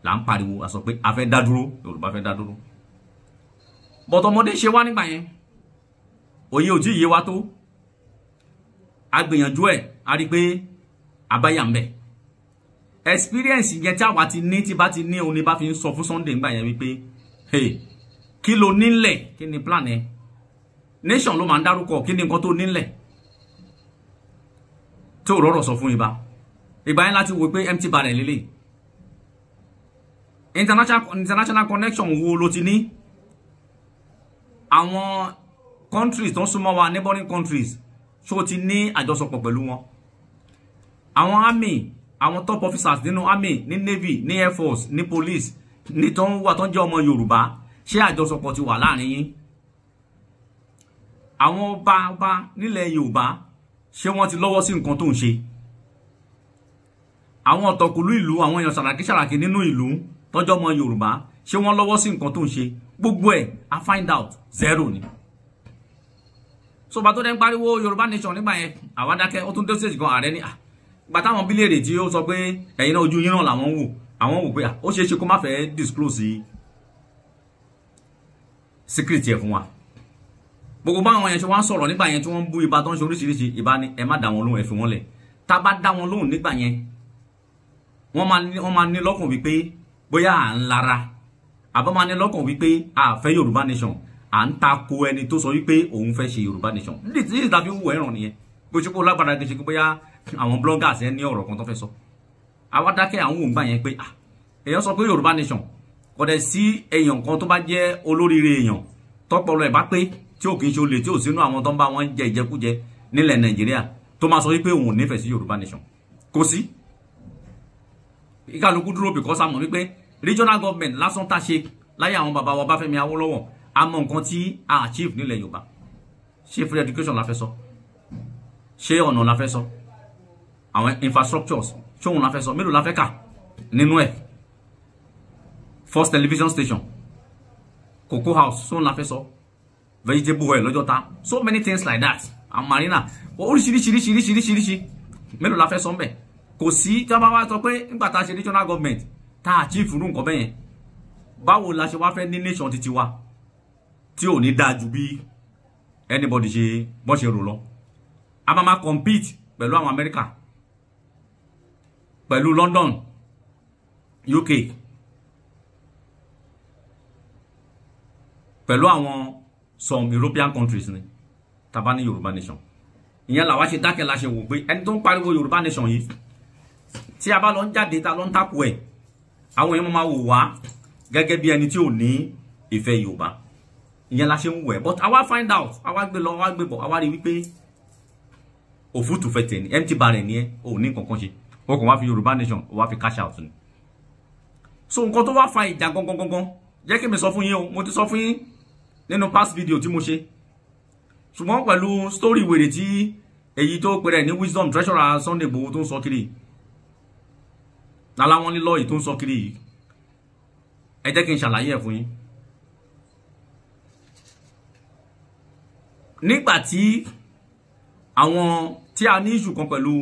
là ń pariwo a sọ pé a fẹ́ dá dúró yorùbá fẹ́ dá dúró bọ̀tọ̀ ọmọdé ṣe wá nígbà yẹn òye ò tí wa tó a gbìyànjú ẹ̀ a rí i pé àbáyà ń bẹ experience yẹn tí àwa ti ní tí bá ti ní òun ni bá fi ń sọ fún Sunday nígbà yẹn wípé kí lo nílẹ̀ kí ni plan ẹ nation ló máa ń dárúkọ kí ni nǹkan tó nílẹ̀ tí ò rọrọ̀ sọ fún ibà ìgbà yẹn láti wò pé empty barrel lélẹ̀ international international connection wo ló ti ní àwọn countries tó ń súnmọ́ wa neighboring countries ṣó ti ní àjọsọpọ̀ pẹ̀lú wọn àwọn army àwọn top officers nínú army ní navy ní air force ní police ní tó ń wà tó ń jẹ́ ọmọ yorùbá ṣé àjọṣepọ̀ ti wà láàrin yín àwọn ọba ọba nílẹ̀ yorùbá ṣé wọ́n ti lọ́wọ́ sí nǹkan tó ń ṣe àwọn ọ̀tọ̀kùlú ìlú àwọn èèyàn ṣàràkí ṣàràkí nínú ìlú tọ́jọ́ ọmọ yorùbá ṣé wọ́n lọ́wọ́ sí nǹkan tó ń ṣe gbogbo ẹ̀ a find out zero ni sọba tó dẹ́ ń pariwo yorùbá nation nígbà yẹn àwa dákẹ́ ó tún dé stage gan ààrẹ ní à ah, gbàtà àwọn bílẹ̀rì tí ó sọ pé ẹ̀yin náà ojú yín náà làwọn wò àwọn wò pé ó ṣeé ṣe kó má fẹ́ disclose secret yẹ fún wa gbogbo báwọn yẹn ṣe wá sọ̀rọ̀ nígbà yẹn tí wọ́n ń bú ibà tó ń ṣe oríṣiríṣi ibà ni ẹ má dá wọn lóhùn ẹ fi wọ́n lẹ̀ tá a bá dá wọn lóhùn nígbà yẹn wọ́n máa ní lọ́kàn wípé bóyá à ń lara àbá máa ní lọ́kàn wípé à fẹ́ Yorùbá nation à ń tako ẹni tó sọ wípé òun fẹ́ ṣe Yorùbá nation nídìí tí ìdàbí wù ẹ̀ràn nìyẹn bó lágbára kì í àwọn bloggers yẹn ní ọ̀rọ̀ kan tó fẹ́ sọ àwa dákẹ́ àwọn òǹgbà yẹn pé ah, èèyàn sọ pé yorùbá nation kò dẹ̀ sí èèyàn kan tó bá jẹ́ olóríire èèyàn tọpọlọ ẹ̀ bá pé tí ò kì í ṣe olè tí ò sínú àwọn tó ń bá wọn jẹ ìjẹkújẹ nílẹ̀ nàìjíríà tó máa sọ wípé òun ò nífẹ̀ẹ́ sí yorùbá nation kò sí ìkàlùkù dúró bìkọ́ sàmọ̀ wípé regional government lásán tá a ṣe láyé àwọn bàbá wa báfẹ́mi awólọ́wọ̀ a nǹkan tí a achieve nílẹ̀ yorùbá ṣé free education la fẹ́ sọ ṣé ọ̀nà la fẹ́ sọ àwọn infrastructures ṣóun la fẹ́ sọ mélòó la fẹ́ kà nínú ẹ̀ first television station cocoa house ṣóun la fẹ́ sọ vegetable oil lọ́jọ́ta so many things like that and marina oríṣiríṣiríṣiríṣiríṣi mélòó la fẹ́ sọ mbẹ̀ kò sí tí a bá wá sọ pé nígbà tá a ṣe national government tá a achieve irú nǹkan bẹ́yẹn báwo la ṣe wá fẹ́ ní nation titi wa tí ò ní dáa ju bí anybody ṣe bọ́ ṣe rò lọ a máa ma compete pẹ̀lú àwọn Amẹ́ríkà pẹ̀lú London UK pẹ̀lú àwọn some European countries ni taba ni Yorùbá nation ìyẹn làwa ṣe dákẹ́ la ṣe wò pé ẹni tó ń pariwo Yorùbá nation yìí tí a bá lọ ń jáde ta lọ ń tàpù ẹ̀ àwọn èèyàn máa wò wá gẹ́gẹ́ bí ẹni tí ò ní ìfẹ́ Yorùbá ìyẹn la ṣe ń wò but awa find out àwa gbé lọ àwa gbé bọ̀ àwa rí wípé òfútùfẹ́ tẹ̀ ní empty barren ni ẹ ò ní kankan ṣe wọn kò wá fi yorùbá nation wá fi cash out ni so nǹkan tó wá fa ìjà gangan gangan jẹ́ kí mi sọ fún yín o mo ti sọ fún yín nínú past video tí mo ṣe ṣùgbọ́n pẹ̀lú story wèrè tí èyí tó pẹ̀rẹ̀ ní wisdom treasurer Sunday Igboho tó ń sọ kiri láláwọn lílọ́ yìí tó ń sọ kiri yìí ẹ jẹ́ kí n ṣàlàyé ẹ̀ fún yín nígbà tí àwọn tí a ní ìṣù kan pẹ̀lú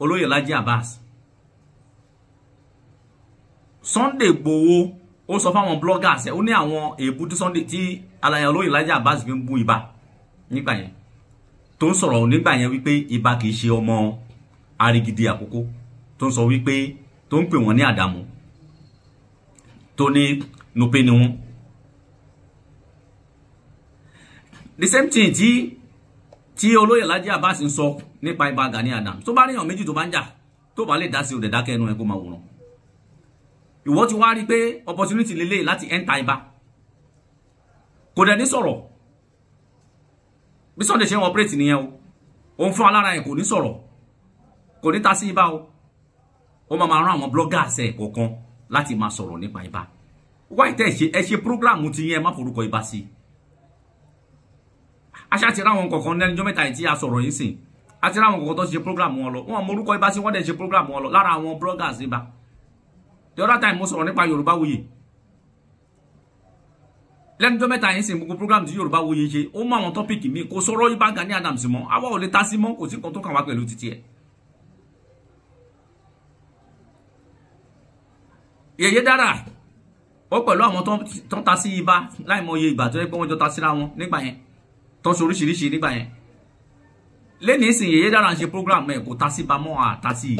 olóyè Laji Abbas Sunday Igboho ó sọ fáwọn bloggers ẹ ó ní àwọn èébú tí Sunday tí alaya olóyè Laji Abbas fi ń bú ibà nígbà yẹn tó ń sọ̀rọ̀ nígbà yẹn wípé ibà kì í ṣe ọmọ arigidi àkókò tó ń sọ wípé tó ń pè wọ́n ní àdàmú tó ní nùpé ni wọ́n the same thing tí tí olóyè Laji Abbas ń sọ nípa Ìbà Gani Adams tó bá ríyàn méjì tó bá ń jà tó bá lè dá sí o dẹ̀dá kẹnu ẹ kó máa wòran ìwọ ti wá rí i pé opportunity lélẹ̀ láti enter Ìbà kò dẹ̀ ní sọ̀rọ̀ bí Sunday ṣe ń operate nìyẹn o òun fún alára ẹ̀ kò ní sọ̀rọ̀ kò ní ta sí Ìbà o ó máa máa rán àwọn bloggers ẹ̀ kọ̀ọ̀kan láti máa sọ̀rọ̀ nípa Ìbà wáyé tẹ́ ẹ ṣe ẹ ṣe program ti yẹn má forúkọ Ìbà sí i aṣá ti ráwọn kọ̀ọ̀kan lẹ́nijọ́ mẹ́ta yìí a sọ̀rọ̀ yìí sìn a ti ráwọn kọ̀ọ̀kan tó ṣe program wọn lọ wọn morúkọ ibà sí wọn dẹ̀ ṣe program wọn lọ lára àwọn bloggers ibà the other time mo sọ̀rọ̀ nípa Yorùbá Wuyì lẹ́nijọ́ mẹ́ta yìí sìn gbogbo program tí Yorùbá Wuyì ṣe ó mọ àwọn tọ́pìkì míì kò sọ̀rọ̀ ibà Gani Adams mọ́ àwa ò lè ta sí mọ́ kò sí nǹkan tó kàn wá pẹ̀lú títí ẹ̀ yèyé dára ó pẹ̀lú àwọn tó ń ta sí ibà láìmọye ìgbà tó yẹ pé wọ́n jọ ta síra wọn nígbà yẹn tó ń ṣe oríṣiríṣi nígbà yẹn lẹ́ni ìsìn Yèyé Dára ń ṣe program ẹ̀ kò ta sí bamọ́ àta sí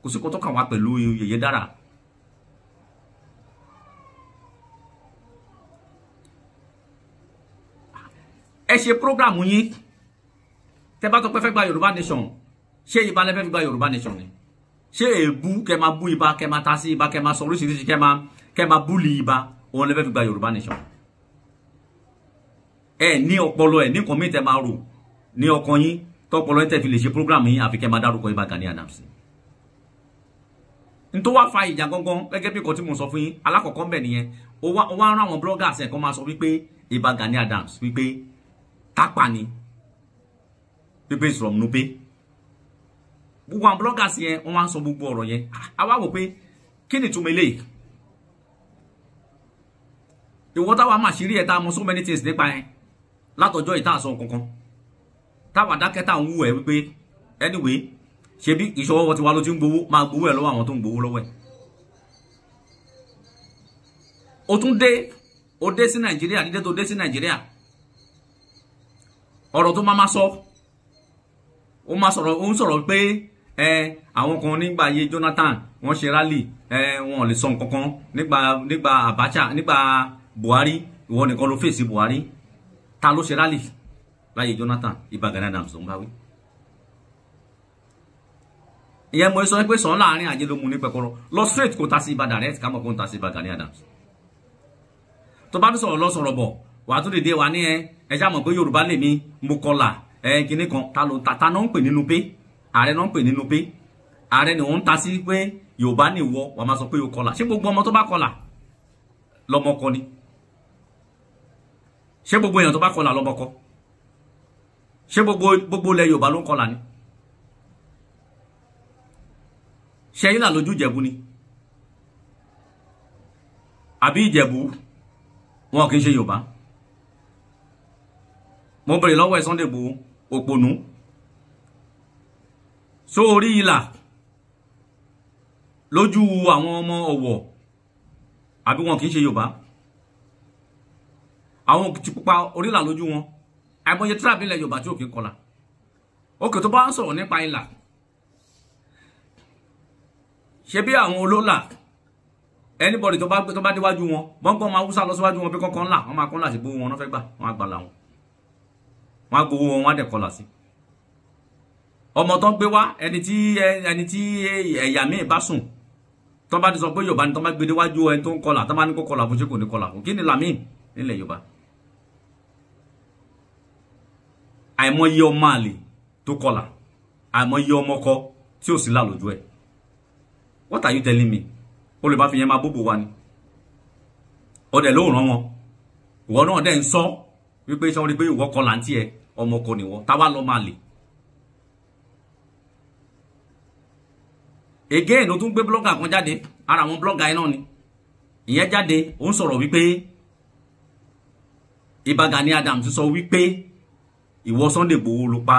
kò sí kó tó wá pẹ̀lú Yèyé Dára. ẹ ṣe program yín tẹ bá tó pẹ́ fẹ́ gba Yorùbá Nation ṣé ibà lẹ́fẹ́ fi gba Yorùbá Nation ni ṣé èébú kẹ máa bú ibà kẹ máa ta sí ibà kẹ máa sọ oríṣiríṣi kẹ máa kẹ máa búlì ibà òun lẹ́fẹ́ fi gba Yorùbá Nation ẹ ní ọpọlọ ẹ ní nǹkan mí tẹ máa rò ní ọkàn yín tọpọlọ ẹ tẹ fi lè ṣe program yín àfi kẹ máa dárúkọ yín bá Gani Adams n tó wá fa ìjà gangan gẹ́gẹ́ bí nǹkan tí mo sọ fún yín alákọ̀ọ́kọ́ ń bẹ̀ nìyẹn ó wá ń rán àwọn bloggers ẹ̀ kan máa sọ wípé ibà Gani Adams wípé tápà ni pépé is from Nupe gbogbo àwọn bloggers yẹn wọ́n wá ń sọ gbogbo ọ̀rọ̀ yẹn a wá wò pé kí ni ìtumọ̀ eléyìí ìwọ́n táwa máa ṣírí ẹ̀ tá a mọ so many things nípa yẹn látọjọ́ ìtàsọ kankan táwa dákẹ́ tá ń wú ẹ wípé anyway ṣebí ìṣọwọ́ wọn ti wá ló ti ń gbowó máa gbowó ẹ lọ́wọ́ àwọn tó ń gbowó lọ́wọ́ ẹ. o tún dé o dé sí nàìjíríà dídé tó dé sí nàìjíríà ọ̀rọ̀ tó máa ma sọ ó máa sọ̀rọ̀ ó ń sọ̀rọ̀ pé àwọn kan nígbà ayé Jonathan wọ́n ṣe rally ẹ wọn ò lè sọ nǹkan kan nígbà nígbà Abacha nígbà Buhari ìwọ nìkan ló fèsì Buhari ta ló ṣe rálì láyé Jonathan ibà Gani Adams ló ń bá wí ìyẹn mo sọ pé sàn láàrin àjẹ ló mu ní pẹkọrọ lọ straight kó ta sí ibà direct ká mọ̀ kó ta sí ibà Gani Adams tó bá tún sọ̀rọ̀ lọ sọ̀rọ̀ bọ̀ wàá tún dìde wà ní ẹ ẹ ṣáà mọ̀ pé Yorùbá lè mi mo kọlà ẹ kinní kan ta ló ta ta náà ń pè nínú pé ààrẹ náà ń pè nínú pé ààrẹ ni òun ta sí pé Yorùbá ni wàá máa sọ pé o kọlà ṣé gbogbo ọmọ tó bá kọlà lọmọ ni ṣé gbogbo èèyàn tó bá kọlà lọ́mọ kọ ṣé gbogbo gbogbo ilẹ̀ Yorùbá ló ń ni ṣé yín là lójú Ìjẹ̀bú ni Abi Ìjẹ̀bú wọn kì í ṣe Yorùbá mo bèrè lọ́wọ́ ẹ̀ Sunday Igboho òpònú sórí ìlà lójú àwọn ọmọ Ọ̀wọ̀ àbí wọn kì í ṣe Yorùbá àwọn òkìtì pupa orílà lójú wọn àìmọye tíráàbù nílẹ̀ yorùbá tí òkè kọlà òkè tó bá ń sọ̀rọ̀ nípa ìlà ṣe bí àwọn olólà anybody tó bá tó bá déwájú wọn bọ́ngbọ́n máa wúsà lọ síwájú wọn bí kọ́kọ́ ńlà wọ́n máa kọ́ ńlà sí gbowó wọn náà fẹ́ gbà wọ́n á gbà làwọn wọ́n á gbowó wọn wọ́n á dẹ̀ kọlà sí ọmọ tó ń gbé wá ẹni tí ẹni tí ẹ̀yà míì bá sùn tó bá ti sọ pé yorùbá ni tó bá gbé déwájú ẹni tó ń kọlà tó bá ní kó kọlà fún ṣé kò ní kọlà fún kí ni làmíì nílẹ̀ yorùbá àìmọye ọmọ àlè tó kọlà àìmọye ọmọ ọkọ tí ò sí lálójú ẹ what are you telling me ó lè bá fi yẹn máa bóbò wa ni ọdẹ ló ràn wọn ìwọ náà dẹ ń sọ wípé sọ wọn rí pé ìwọ kọlà ń tiẹ ọmọ ọkọ nìwọ táwa lọ máa lè again o tún gbé blogger kan jáde ara àwọn blogger yẹn náà ni ìyẹn jáde ó ń sọ̀rọ̀ wípé Ìbà Gani Adams sọ wípé ìwọ Sunday Igboho ló pa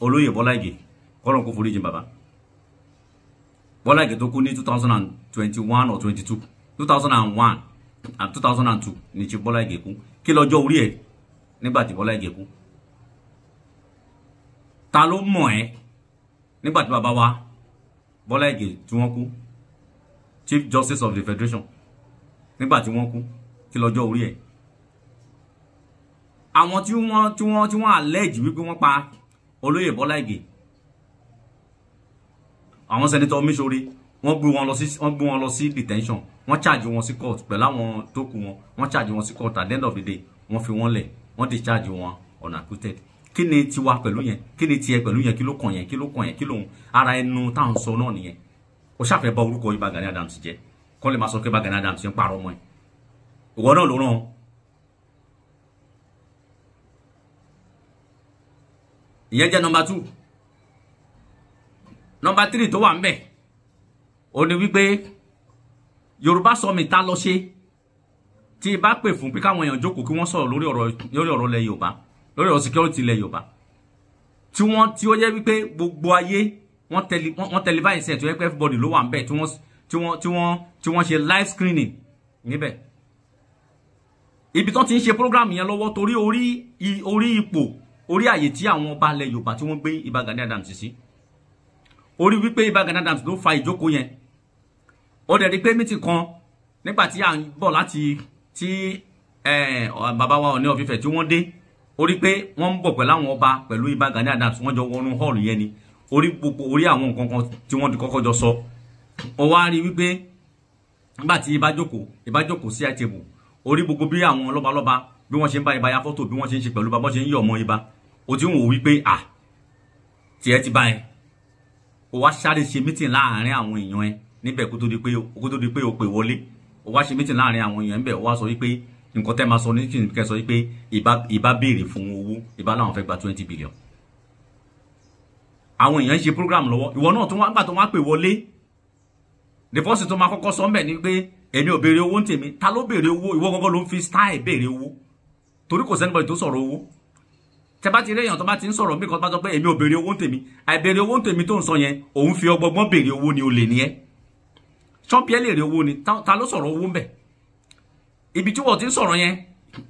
olóyè Bọ́lá Ìgè kọ́lọ́n kó foríjì bàbá Bọ́lá Ìgè tó kú ní two thousand and twenty one or twenty two oh two thousand and one and two thousand and two ní ti Bọ́lá Ìgè kú kí lọ́jọ́ orí ẹ̀ nígbà tí Bọ́lá Ìgè kú ta ló mọ̀ ẹ́ nígbà tí bàbá wa Bọ́lá Ìgè tí wọ́n kú Chief Justice of the Federation nígbà tí wọ́n kú kí lọ́jọ́ orí ẹ̀ àwọn tí wọ́n tí wọ́n tí wọ́n allege wípé wọ́n pa olóyè Bọ́lá Ìgè àwọn sẹ́nitọ́ Míṣọ̀rí wọ́n gbé wọn lọ sí wọ́n gbé wọn lọ sí detention wọ́n charge wọn sí court pẹ̀lú àwọn tó kù wọn wọ́n charge wọn sí court at the end of the day wọ́n fi wọ́n lẹ̀ wọ́n discharge wọn on acquitted kí ni tiwa pẹ̀lú yẹn kí ni tiẹ̀ pẹ̀lú yẹn kí ló kàn yẹn kí ló kàn yẹn kí lòun ara ẹnu táwọn sọ náà nìyẹn o ṣàfẹ́ bá orúkọ Ìbà Gani Adams jẹ́ kọ́ lè máa sọ pé Ìbà Gani Adams ń parọ́ mọ́ ẹ̀ ìwọ náà ló rán ìyẹn jẹ́ nọmba two nọmba three tó wà ń bẹ̀ ó ní wípé yorùbá summit tá lọ ṣe tí ì bá pè fún pé káwọn èèyàn jókòó kí wọ́n sọ̀rọ̀ lórí ọ̀rọ̀ lórí ọ̀rọ̀ ilẹ̀ yorùbá lórí ọ̀rọ̀ security ilẹ̀ yorùbá tí wọ́n tí ó jẹ́ wípé gbogbo ayé wọ́n tẹ̀lé wọ́n tẹ̀lé báyìí sẹ̀ tó yẹ pé everybody ló wà ń bẹ̀ tí wọ́n tí wọ́n tí wọ́n tí wọ́n ṣe live screening níbẹ̀ ibi tán ti ń ṣe program yẹn lọ́wọ́ torí orí orí ipò orí àyè tí àwọn ọba alẹ yorùbá tí wọ́n gbé Ìbà Adams sí orí wípé Ìbà Adams ló fa ìjókòó yẹn ó dẹ̀ rí pé mítì kan nígbà tí à ń bọ̀ láti tí bàbá wa Ọọ̀ni of tí wọ́n dé orí pé wọ́n ń bọ̀ pẹ̀lú àwọn ọba pẹ̀lú Ìbà Adams wọ́n jọ wọnú hall yẹn ni orí gbogbo orí àwọn nǹkan kan tí wọ́n ti kọ́kọ́ jọ sọ ó wá rí wípé nígbà tí Ìbà jókòó sí àtẹ̀bù orí gbogbo bí àwọn lọ́balọ́ba bí wọ́n ṣe ń bá Ìbà ya fọ́tò bí wọ́n ṣe ń ṣe pẹ̀lú Ìbà bọ́n ṣe ń yọ̀ ọmọ Ìbà o ti ń wò wípé à tiẹ̀ ti bá yẹn o wá sáré ṣe mítìn láàárín àwọn èèyàn ẹ níbẹ̀ kó tó di pé kó tó di pé o pè wọlé o wá ṣe mítìn láàárín àwọn èèyàn níbẹ̀ o wá sọ wípé nǹkan tẹ́ máa sọ ní kìnìún kẹ́ sọ wípé ìbá béèrè fún owó ìbá làwọn fẹ́ gba twenty billion àwọn èèyàn ń ṣe program lọ́wọ́ ìwọ náà tó wá gbà tó wá pè wọlé dèfọ́sì tó máa kọ́kọ́ sọ mbẹ̀ ni pé èmi ò béèrè owó ń tèmi ta ló béèrè owó ìwọ gọ́gọ́ ló ń fi style béèrè owó torí kò sẹ́nibọ̀dì tó sọ̀rọ̀ owó tẹ bá ti réyàn tó bá ti ń sọ̀rọ̀ bí kan tó bá sọ pé èmi ò béèrè owó ń tèmi àìbéèrè owó ń tèmi tó ń sọ yẹn òun fi ọgbọgbọ́n béèrè owó ni olè nìyẹn ṣọ́ọ̀pì ẹ̀ lè rí owó ni ta ló sọ̀rọ̀ owó ń bẹ̀ ibi tí wọ́n ti ń sọ̀rọ̀ yẹn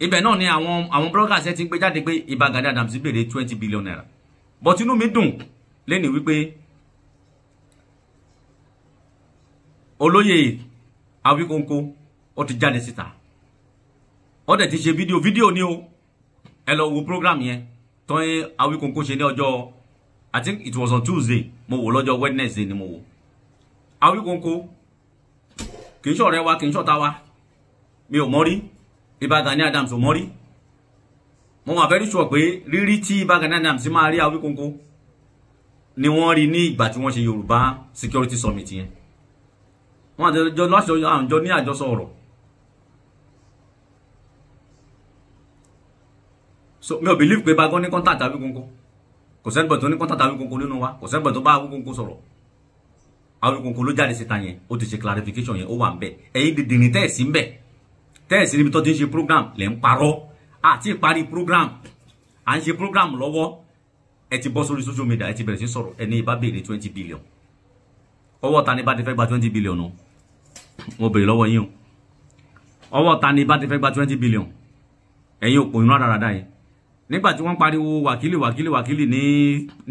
ibẹ̀ náà ni àwọn àwọn bloggers ẹ ti gbé jáde pé Ìbà Gani Adams béèrè twenty billion naira but inú mi dùn lẹ́ni wípé olóyè Awíkóńkó ó ti jáde síta ó dẹ̀ ti ṣe fídíò fídíò ni o ẹ lọ wo program yẹn tọ́yìn Awíkóńkó ṣe ní ọjọ́ I think it was on Tuesday mo wò lọ́jọ́ Wednesday ni mo wò Awíkóńkó kì í ṣọ̀rẹ́ wa kì í ṣọ̀tá wa mi ò mọ̀ rí Ìbà Gani Adams ò mọ̀ rí mo wà very sure pé rírí tí Ìbà Gani Adams máa rí Awíkóńkó ni wọ́n rí ní ìgbà tí wọ́n ṣe Yorùbá Security Summit yẹn wọ́n àjọ lọ́sọ̀ọ́ àjọ ní àjọsọ ọ̀rọ̀ so mi ò believe pé Bagan ní contact tàbí kankan kò sẹ́nìbọ̀ tó ní contact tàbí kankan nínú wa kò sẹ́nìbọ̀ tó bá Awikonko sọ̀rọ̀ Awikonko ló jáde síta yẹn ó ti ṣe clarification yẹn ó wà ń bẹ̀ ẹ̀yin dìdìrín tẹ́ẹ̀sì ń tẹ́ẹ̀sì níbi tó ti ń ṣe program lẹ́ ń parọ́ àti ìparí program à ń ṣe program lọ́wọ́ ẹ ti bọ́ sórí social media ẹ ti bẹ̀rẹ̀ sí sọ̀rọ̀ ẹni ìbá béèrè twenty billion ọwọ́ ta ni bá ti fẹ́ gba twenty billion o mo béèrè lọ́wọ́ yín o ọwọ́ ta ni bá ti fẹ́ gba twenty billion ẹ̀yin òpònú rádaràda yẹn nígbà tí wọ́n pariwo wàkílì wàkílì wàkílì ní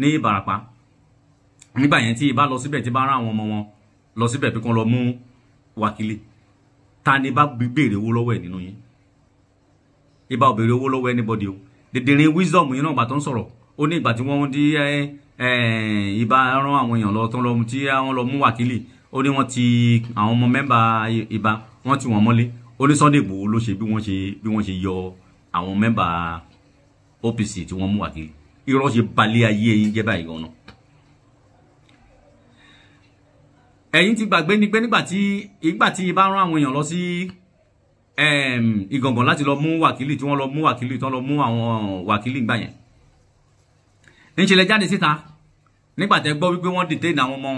ní ìbàràpá nígbà yẹn tí ìbá lọ síbẹ̀ tí bá rán àwọn ọmọ wọn lọ síbẹ̀ pé kán lọ mú wàkílì ta ni bá béèrè owó lọ́wọ́ ẹ̀ nínú yín ìbá ò béèrè owó lọ́wọ́ anybody o dèdèrè wisdom yìí náà gbà tó ń sọ̀rọ̀ ó ní ìgbà tí wọ́n di ìbá rán àwọn èèyàn lọ tó ń lọ tí wọ́n lọ mú wàkílì ó ní wọ́n ti àwọn ọmọ mẹ́mbà ìbá wọ́n ti wọ́n mọ́lé ó ní Sunday Igboho ló ṣe bí wọ́n ṣe bí wọ́n ṣe yọ àwọn mẹ́mbà OPC tí wọ́n mú wá kiri irọ́ ṣe balẹ̀ ayé yín jẹ́ báyìí gan-an. ẹ̀yin ti gbàgbé ni pé nígbà tí ìgbà tí bá rán àwọn èèyàn lọ sí ìgàngàn láti lọ mú wákìlì tí wọ́n lọ mú wákìlì tí wọ́n lọ mú àwọn wákìlì gbà yẹn níṣẹ̀lẹ̀ jáde síta nígbà tẹ́ gbọ́ wípé wọ́n detain àwọn ọmọ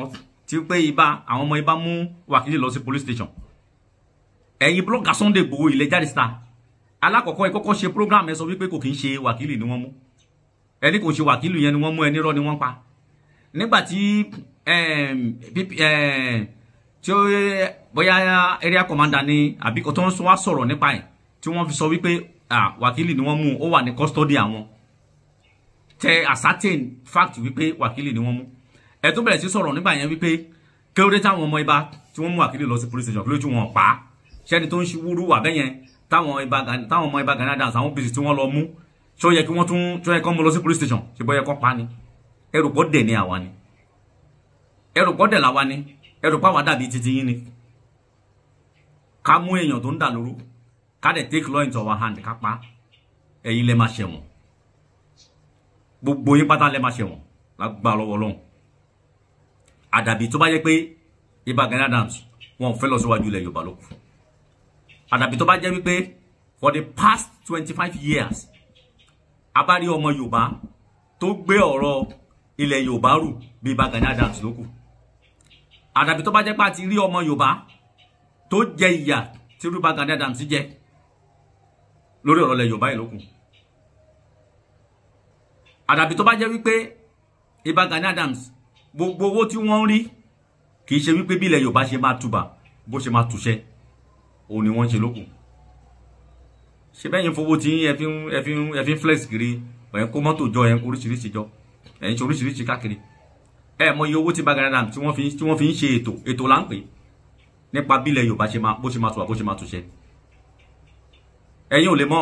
tí pé ibà àwọn ọmọ ibà mú wákìlì lọ sí police station ẹ̀yin blọga Sunday Igboho ilẹ̀ jáde síta alákọ̀ọ́kọ́ ẹ kọ́kọ́ ṣe program ẹ sọ wípé kò kí ń ṣe wákìlì ni wọ́n mú ẹni kò ṣe wákìlì yẹn ni wọ́n mú ẹni rọ́ ni wọ́n pa nígbà tí ehm, ehm, tí ó bóyá area commander ni àbí kò tó ń wá sọ̀rọ̀ nípa ẹ̀ tí wọ́n fi sọ wípé wákìlì ni wọ́n mú ó wà ní custody àwọn tẹ ascertain fact wípé wákìlì ni wọ́n mú ẹ tó bẹ̀rẹ̀ sí sọ̀rọ̀ nígbà yẹn wípé kéwòdé táwọn ọmọ ibà tí wọ́n mú wákìlì lọ sí police station kí ló tún wọn pa ṣẹ́ni tó ń ṣe wúrú wà bẹ́yẹn táwọn ibà táwọn ọmọ ibà Gani Adams àwọn pc tí wọ́n lọ mú ṣó yẹ kí wọ́n tún ṣó yẹ kí wọ́n mú lọ sí police station ṣe bọ́ yẹ kó pa ni ẹrù pọ̀ dẹ̀ ní àwa ni ẹrù pọ̀ dẹ̀ làwa ni ẹrù pọ̀ àwa dàbí titi yín ni ká mú èèyàn tó ń dà lóru ká dẹ̀ take law into our hand ká pa ẹ̀yin lẹ́ máa ṣẹ̀wọ̀n gbogbo yín pátá lẹ́ máa ṣẹ̀wọ̀n lágbà lọ́wọ́ lọ́hùn àdàbí tó bá yẹ pé ibà Gani Adams wọn ò fẹ́ lọ síwájú ilẹ̀ Yorùbá lókun àdàbí tó bá jẹ́ wípé for the past twenty five years abárí ọmọ yorùbá tó gbé ọ̀rọ̀ ilẹ̀ yorùbá rù bíi bá Gani Adams ló kù àdàbí tó bá jẹ́ pé a ti rí ọmọ yorùbá tó jẹ ìyà tí rúbá Gani Adams jẹ lórí ọ̀rọ̀ ilẹ̀ yorùbá yìí ló àdàbí tó bá jẹ́ wípé ibà Gani Adams gbogbo owó tí wọ́n ń rí kì í ṣe wípé bí ilẹ̀ yorùbá ṣe máa tùbà bó ṣe máa tùṣẹ́ òun ni wọ́n ń ṣe lókù ṣe bẹ́ẹ̀ yín fowó tí ẹ fi ń ẹ fi ń ẹ fi ń flex kiri ẹ̀ ń kó mọ́tò jọ ẹ̀ ń kó oríṣiríṣi jọ ẹ̀ ń ṣe oríṣiríṣi káàkiri ẹ mọ iye owó tí Bagana Dam tí wọ́n fi tí wọ́n fi ń ṣe ètò ètò là ń pè nípa bílẹ̀ Yorùbá ṣe máa bó ṣe máa tùwà bó ṣe máa tùṣẹ́ ẹ̀yin ò lè mọ̀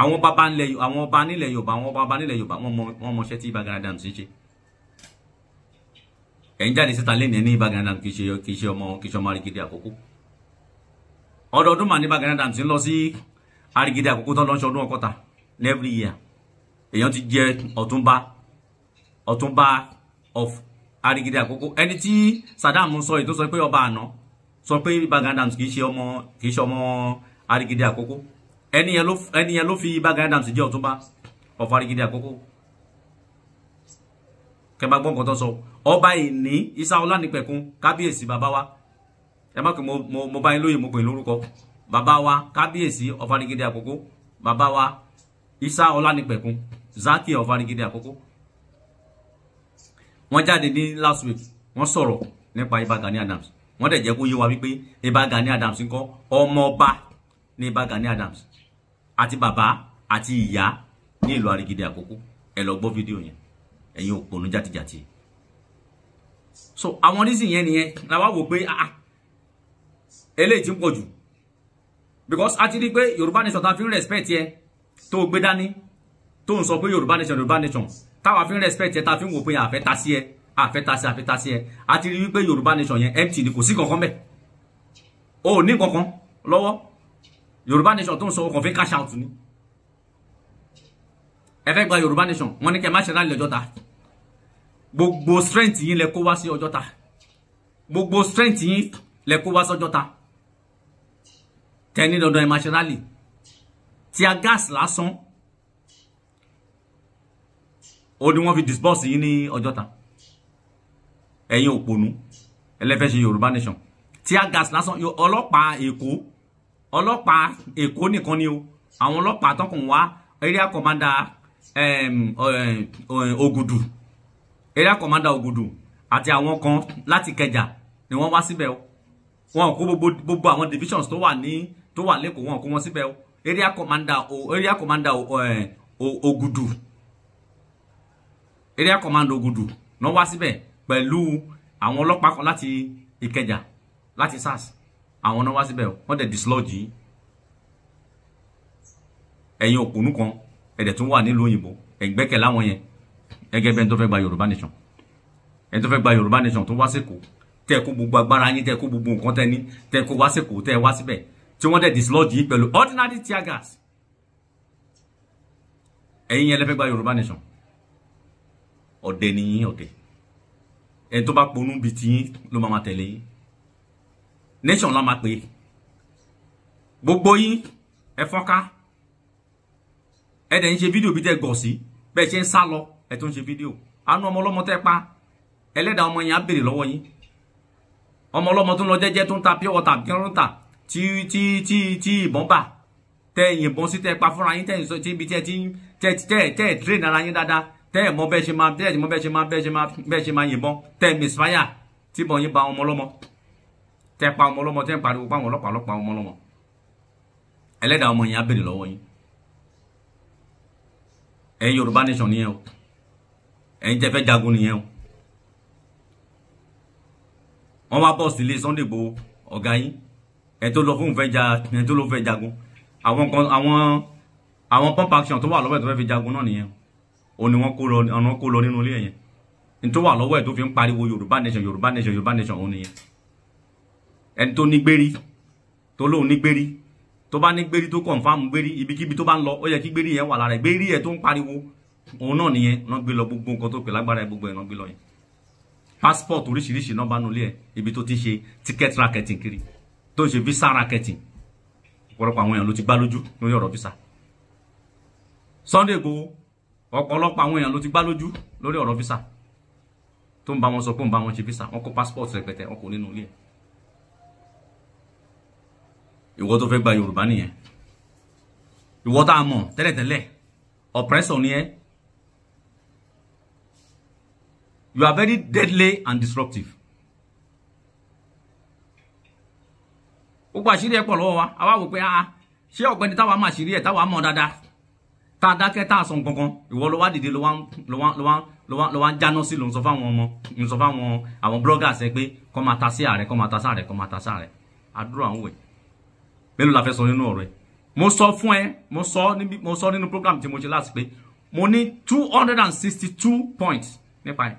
àwọn bàbá nílẹ̀ àwọn ọba nílẹ̀ Yorùbá àwọn bàbá nílẹ̀ Yorùbá wọ́n mọ wọ́n mọṣẹ́ tí Bagana Dam ti ń ṣe ẹ̀ ń jáde síta lẹ́nìí ní Bagana Dam kì í ṣe ọmọ kì í ṣe ọmọ ọdọọdún mà ní Bagana Dam lọ sí Arigidi àkókò tó ń ọdún ọkọta every year èèyàn ti jẹ ọ̀túnba ọ̀túnba of Arigidi àkókò ẹni tí Saddam sọ èyí tó sọ pé ọba àná sọ pé Bagana Dam kì í ṣe ọmọ kì í ṣe ọmọ Arigidi àkókò ẹni yẹn ló fi Bagana Dam jẹ ọ̀túnba of Arigidi àkókò kẹmàgbọ́n kan tó sọ ọba ìní Isa Ọlánìpẹ̀kun kábíyèsí bàbá ẹ má pé mo bá yín lóye mo pè lórúkọ bàbá wa kábíyèsí ọ̀fanigídé àkókò bàbá wa isa ọlánipẹ̀kun zaki ọ̀fanigídé àkókò wọ́n jáde ní last week wọ́n sọ̀rọ̀ nípa Ìbà Gani Adams wọ́n dẹ̀ jẹ́ kó yé wa wípé Ìbà Gani Adams ń kọ́ ọmọọba ní Ìbà Gani Adams àti bàbá àti ìyá ní ìlú Àrègèdè Àkókó ẹ lọ gbọ́ fídíò yẹn ẹ̀yin òpònú jàtijàti so àwọn onísìn yẹn nìyẹn la wá wò pé ah eléyìí ti ń pọ̀ jù because a ti rí pé yorùbá nation ta fi ń respect yẹ tó gbé dání tó ń sọ pé yorùbá nation yorùbá nation táwa fi ń respect yẹ ta fi ń wò pé àfẹ́ ta sí ẹ àfẹ́ ta sí àfẹ́ ta sí ẹ a ti rí wípé yorùbá nation yẹn empty ni kò sí kankan bẹ́ẹ̀ o ò ní kankan lọ́wọ́ yorùbá nation tó ń sọ ọkàn fi cash out ni ẹ fẹ́ gba yorùbá nation wọn ní kẹ́ má ṣe rálẹ̀ ọjọ́ta gbogbo strength yín lẹ kó wá sí ọjọ́ta gbogbo strength yín lẹ kó wá sí ọjọ́ta kẹni dandan ẹ máa ṣe gas lásán ó ní wọ́n fi disburse yín ní Ọjọ́ta ẹ̀yin òpònú ẹlẹ́fẹ́ ṣe Yorùbá nation tear gas lásán ọlọ́pàá Èkó ọlọ́pàá Èkó nìkan ni o àwọn ọlọ́pàá tọkùn wá area commander um ogudu, area commander ogudu, àti àwọn kan láti Ìkẹjà ni wọ́n wá síbẹ̀ o wọn kó gbogbo gbogbo àwọn divisions tó wà ní tó wà lẹ́kọ̀ọ́ wọn kó wọn síbẹ̀ area commander o area commander o ẹ eh, Ogudu area commander Ogudu náà wá síbẹ̀ pẹ̀lú àwọn ọlọ́pàá kan láti Ìkẹjà láti SARS àwọn náà wá síbẹ̀ o wọ́n dẹ̀ dislodge yìí ẹ̀yin òpònú kan ẹ̀dẹ̀ tó wà nílùú òyìnbó ẹ̀gbẹ́kẹ̀ láwọn yẹn ẹgẹ́ bẹ́ẹ̀ tó fẹ́ gba Yorùbá nation ẹni tó fẹ́ gba Yorùbá nation tó wá sẹ́kọ̀ọ́ tẹ́ kó gbogbo agbára yín tẹ́ kó gbogbo nǹkan tẹ́ ní tẹ́ kó wá sẹ́kọ̀ọ́ tẹ́ wá síbẹ̀ tí wọ́n dẹ̀ dislodge yìí pẹ̀lú ordinary tear gas ẹ̀yin yẹn lẹ́fẹ́ gba yorùbá nation ọ̀dẹ̀ nìyín ọ̀dẹ̀ ẹni tó bá ponú bíi tiyín ló máa ma tẹ̀lé yín nation la máa pè é gbogbo yín ẹ fọ́nká ẹ dẹ̀ ń ṣe fídíò bí tẹ́ gọ̀ sí bẹ́ẹ̀ ṣe ń sá lọ ẹ tó ń ṣe fídíò àánú ọmọ ọlọ́mọ tẹ́ pa ẹlẹ́dàá ọmọ yẹn á béèrè lọ́wọ́ yín ọmọ ọlọ́mọ tó ń lọ jẹ́jẹ́ tó ń ta pure water kí wọ́n tí tí tí tí ìbọn bà tẹ ìyìnbọn sí tẹ pa fúnra yín tẹyìn sọ tí ibi tẹ ti ń tẹ tẹ tẹ train yín dáadáa tẹ ẹ mọ ṣe máa bẹ ẹ mọ bẹ ṣe máa bẹ ṣe máa bẹ ṣe máa yìnbọn tẹ misfire tí ìbọn yín ba ọmọ ọlọ́mọ tẹ pa ọmọ ọlọ́mọ tẹ pariwo pa àwọn ọlọ́pàá ọlọ́pàá ọmọ ọlọ́mọ ẹlẹ́dàá ọmọ yẹn á béèrè lọ́wọ́ yín ẹ̀yin Yorùbá nation nìyẹn o ẹ̀yin tẹ́ fẹ́ jagun nìyẹn o wọ́n wá bọ́ọ̀sì ilé Sunday Igboho ọ̀gá yín ẹni tó lọ fún fẹ́ ja ẹni tó lọ fẹ́ jagun àwọn kan àwọn àwọn pump action tó wà lọ́wọ́ ẹ̀ tó fẹ́ fi jagun náà nìyẹn òun ni wọ́n kó lọ ọ̀nà kó lọ nínú ilé yẹn ní tó wà lọ́wọ́ ẹ̀ tó fi ń pariwo Yorùbá nation Yorùbá nation Yorùbá nation òun nìyẹn ẹni tó ní gbérí tó lóun ní gbérí tó bá ní gbérí tó kọ̀ǹfàmù gbérí ibikíbi tó bá ń lọ ó yẹ kí gbérí yẹn wà lára ẹ̀ gbérí ẹ̀ tó ń pariwo òun náà nìyẹn náà gbé lọ gbogbo nǹkan tó pè lágbára gbogbo ẹ̀ náà gbé lọ yẹn passport oríṣiríṣi náà bá nulẹ̀ ibi tó ti ṣe ticket racketing kiri tó ṣe visa racketing ọ̀pọ̀lọpọ̀ àwọn èèyàn ló ti gbá lójú lórí ọ̀rọ̀ visa Sunday Igboho ọ̀pọ̀lọpọ̀ àwọn èèyàn ló ti gbá lójú lórí ọ̀rọ̀ visa tó ń bá wọn sọ pé ń bá wọn ṣe visa wọn kó passport rẹpẹtẹ wọn kò nínú ilé ẹ ìwọ tó fẹ́ gba Yorùbá nìyẹn ìwọ tá a mọ̀ tẹ́lẹ̀tẹ́lẹ̀ oppressor ni ẹ́ you are very deadly and disruptive gbogbo àṣírí ẹ pọ̀ lọ́wọ́ wa àwa wò pé ah, ah ṣé ọ̀gbẹ́ni táwa máa ṣírí ẹ̀ táwa mọ̀ dáadáa tá a dákẹ́ tá a sọ gangan ìwọ ló wá dìde ló wá ló wá ló wá ló wá ló wá jáná sí ló ń sọ fáwọn ọmọ ń sọ fáwọn àwọn bloggers ẹ pé kọ́ máa ta sí ààrẹ kọ́ máa ta sí ààrẹ kọ́ máa ta sí ààrẹ àdúrà ń wẹ̀ mélòó la fẹ́ sọ nínú ọ̀rọ̀ ẹ mo sọ fún ẹ mo sọ nínú program tí mo ṣe láti pé mo ní two hundred and sixty two points nípa ẹ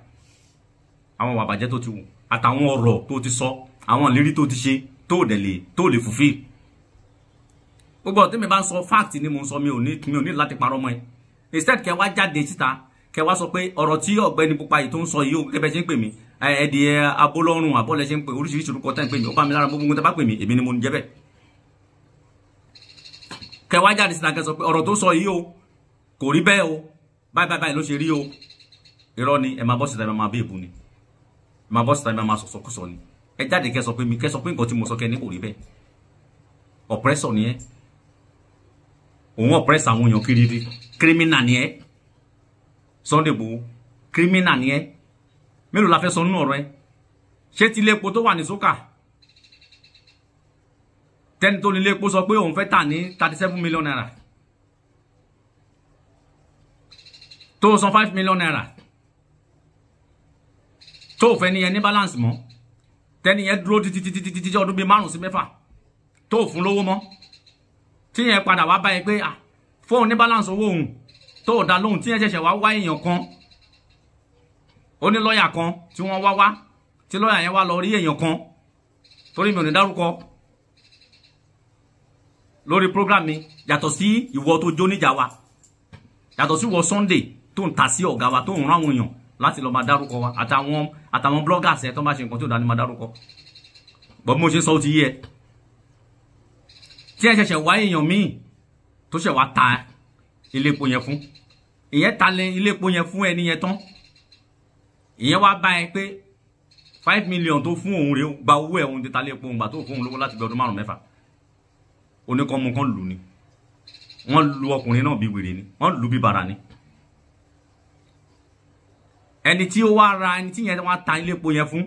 àwọn wàbàjẹ́ tó ti wù àtàwọn ọ̀rọ̀ tó ti sọ àwọn ìlérí tó ti ṣe tó dẹ̀ lè tó lè fulfill gbogbo ọ̀tí mi bá ń sọ fact ni mo ń sọ mi ò ní mi ò ní láti parọ́ mọ́ ẹ instead kẹ wá jáde síta kẹ wá sọ pé ọ̀rọ̀ tí ọ̀gbẹ́ni pupa yìí tó ń sọ yìí ó kẹ́bẹ́ ṣe ń pè mí ẹ̀ẹ́dìẹ abólọ́rùn àbọ̀lẹ̀ ṣe ń pè oríṣiríṣi orúkọ tẹ́ ń pè mí ó bá mi lára gbogbo tẹ́ bá pè mí èmi ni mo ń jẹ́ bẹ́ẹ̀ kẹ wá jáde síta kẹ sọ pé ọ̀rọ̀ tó sọ yìí o kò rí bẹ́ẹ̀ o báyìí báyìí báyìí ló ṣe rí o irọ́ ni ẹ máa bọ́ síta ẹ máa bí èbú ni ẹ máa bọ́ síta ẹ máa sọ̀sọ̀kọ̀sọ̀ ni ẹ jáde kẹ́ sọ pé mi kẹ́ sọ pé nǹkan tí mo sọ kẹ́ ní kò rí bẹ́ẹ̀ oppressor ni ẹ òun oppress àwọn èèyàn kiri rí criminal ni ẹ Sunday Igboho criminal ni ẹ mélòó la fẹ́ sọ nínú ọ̀rọ̀ ẹ ṣé ti ilé epo tó wà ní sókà tẹ́ni tó ní ilé epo sọ pé òun five million naira balance mọ́ tẹ́ni yẹn dúró títítítítí ọdún bíi márùn sí mẹ́fà tó fún lówó mọ́ tí yẹn padà wá báyìí pé fóun ní balance owó òun tó dá lóhùn tí yẹn ṣẹ̀ṣẹ̀ wá wá èèyàn kan ó ní lọ́ọ̀yà kan tí wọ́n wá wá tí lọ́ọ̀yà yẹn wá lọ rí èèyàn kan torí mi ò ní dárúkọ lórí program mi yàtọ̀ sí ìwọ tó jó níjà wa yàtọ̀ sí ìwọ Sunday tó ń ta sí ọ̀gá wa tó ń rán àwọn èèyàn láti lọ́ọ́ máa dárúkọ wa àtàwọn àtàwọn bloggers yẹn tó bá ṣe nǹkan tí ò dání máa dárúkọ bọ́ mo ṣe sọ ti yé tí ẹ ṣẹ̀ṣẹ̀ wá èèyàn míì tó ṣẹ̀ wá ta iléepo yẹn fún ìyẹn ta lé iléepo yẹn fún ẹni yẹn tán ìyẹn wá bá ẹ pé five million tó fún òun rèé gba owó ẹ̀ òun ti ta iléepo òun gbà tó fún òun lówó láti bí ọdún márùn mẹ́fà oníkọ́mú kan lù ni wọ́n lu ọkùnrin náà bí wèrè ni wọ́n lu bí bara ni ẹni tí ó wá ra ẹni tí yẹn wá ta ilé epo yẹn fún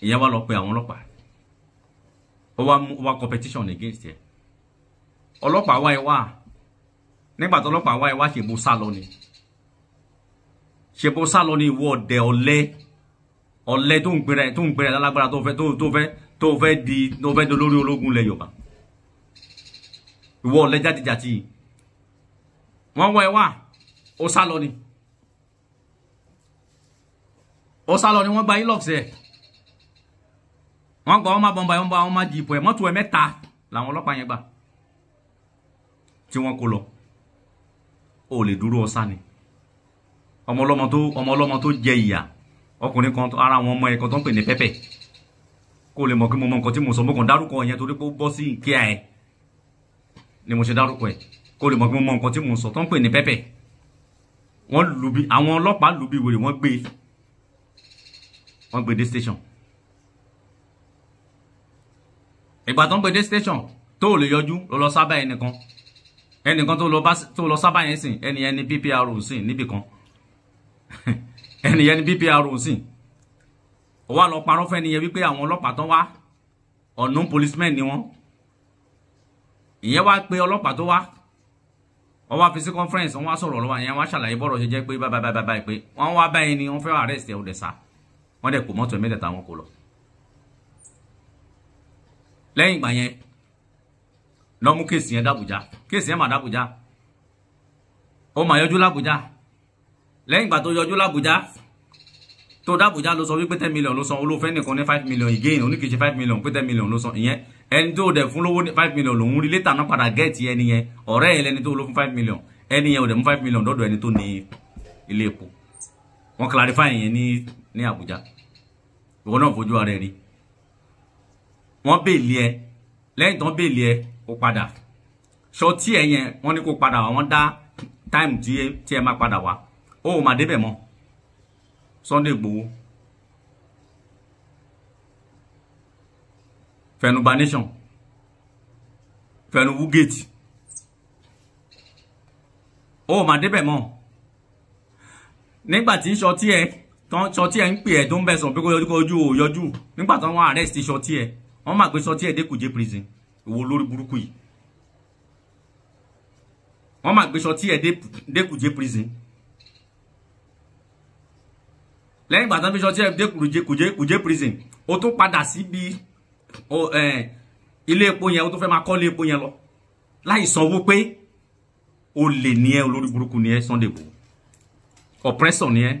ìyẹn wá lọ pe àwọn ọlọ́pàá ó wá mú ó wá competition against ẹ ọlọ́pàá wá ẹ wá nígbà tó ọlọ́pàá wá ẹ wá ṣèbó sá lọ ni ṣèbó sá lọ ni ìwọ ọdẹ ọ̀lẹ ọ̀lẹ tó ń gbéra tó ń gbéra lálágbára tó fẹ́ tó tó tó fẹ́ di tó fẹ́ di olórí ológun lẹ Yorùbá ìwọ ọ̀lẹ játijàti wọn wá ẹ wá ó sá lọ ni ó sá lọ ni wọ́n gba ilox ẹ̀ wọ́n gba wọ́n má bọ́mba wọ́n bá wọ́n má jìpọ̀ ẹ̀ mọ́tò ẹ̀ mẹ́ta làwọn ọlọ́pàá yẹn gbà tí wọ́n kó lọ ó lè dúró ọ̀sá ni ọmọ ọlọ́mọ tó ọmọ ọlọ́mọ tó jẹ ìyà ọkùnrin kan ara àwọn ọmọ ẹ̀kan tó ń pè ní pẹ́pẹ́ kó lè mọ̀ kí mo mọ nǹkan tí mo sọ mo kàn dárúkọ yẹn torí pé ó bọ́ sí ìké ẹ̀ ni mo ṣe dárúkọ ẹ̀ kó lè mọ̀ kí mo mọ nǹkan tí mo sọ tó ń pè ní pẹ́pẹ́ wọ́n lu àwọn ọlọ́pàá lu wèrè wọ́n gbé e wọ́n gbé dé station ìgbà tó ń gbé dé station tó lè yọjú ló lọ sábà ẹnìkan ẹnìkan tó lọ sábà yẹn sìn ẹni yẹn ní ppr sìn níbì kan ẹni yẹn ní ppr sìn ó wá lọ parọ́ fẹ́ni yẹn wípé àwọn ọlọ́pàá tó wá ọ̀nà policemen ni wọ́n ìyẹn wá pé ọlọ́pàá tó wá wọ́n wá fi sí conference wọ́n wá sọ̀rọ̀ lọ́wọ́ àyẹ̀wò àṣàlàyé bọ́rọ̀ ṣe jẹ́ pé bábábábá pé wọ́n wá báyìí ni wọ́n fẹ́ arrest ẹ̀ ọ̀dẹ̀ sáà wọ́n dẹ̀ kó mọ́tò mẹ́tẹ̀ẹ̀ta wọn kó lọ. lẹ́yìn ìgbà yẹn lọ mú kéèsì yẹn dàbújá kéèsì yẹn mà dàbújá ó mà yọjú làbújá lẹ́yìn ìgbà tó yọjú làbújá tó dàbújá ló sọ wípé ten million ló san olóòfẹ́ nìkan ní five million again oníkejì five million pé ten million ló san ìyẹn ẹni tó dẹ̀ fún lówó five million lòún rí létà náà padà gẹ́ẹ̀tì ẹni yẹn ọ̀rẹ́ ẹ̀ lẹni tó ló fún five million ẹni yẹn ò dẹ̀ mú five million dọ́dọ̀ ẹni tó ní ilé epo wọ́n clarify yẹn ní ní Àbújá ìwọ náà fojú ara ẹ rí wọ́n bèèlì ẹ lẹ́yìn tán bèèlì ẹ kó padà ṣọtí ẹ yẹn wọ́n ní kó padà wá wọ́n dá táìmù tí ẹ tí ẹ má padà wá ó ò má débẹ̀ mọ́ Sunday Igboho Fẹ̀nùbà nation Fẹ̀nùbù gate ó ò má débẹ̀ mọ́ nígbà tí sọtí ẹ tán sọtí ẹ ń pè ẹ tó ń bẹ sọ pé kó yọjú kó yọjú ò yọjú nígbà tán wọn arrest sọtí ẹ wọn máa gbé sọtí ẹ dé Kuje prison ìwo lórí burúkú yìí wọn máa gbé sọtí ẹ dé Kuje prison lẹ́yìn ìgbà tán fi sọtí ẹ dé Kuje Kuje prison ó tún padà síbi ilé epo yẹn ó tún fẹ́ máa kọ́ ilé epo yẹn lọ láì sanwó pé olè ni ẹ olórí burúkú ni ẹ Sunday Igboho oppression ni ẹ́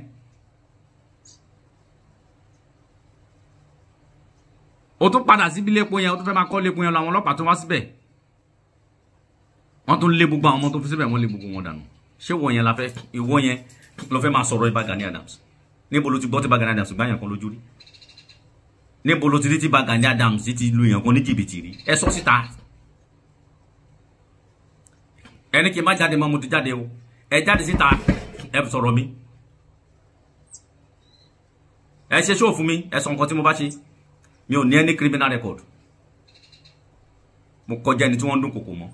o tún padà síbi lépo yẹn o tún fẹ́ máa kọ́ lépo yẹn làwọn ọlọ́pàá tó wá síbẹ̀ wọ́n tún lé gbogbo àwọn ọmọ tó fi síbẹ̀ wọ́n lé gbogbo wọn dànù ṣé wọ́n yẹn la fẹ́ ìwọ yẹn ló fẹ́ máa sọ̀rọ̀ ibà Gani Adams níbo ló ti gbọ́ tí bá Gani Adams gbá yẹn kan lójú rí níbo ló ti rí tí bá Gani Adams ti lu yẹn kan ní jìbìtì rí ẹ sọ síta ẹni kì í má jáde mọ́ mo ti jáde o ẹ jáde síta ẹ sọ̀rọ̀ mi ẹ ṣe ṣóò fún mi ẹ sọ nǹkan tí mo bá ṣe mi ò ní any criminal record mo kọjá ẹni tí wọ́n ń dún kòkò mọ́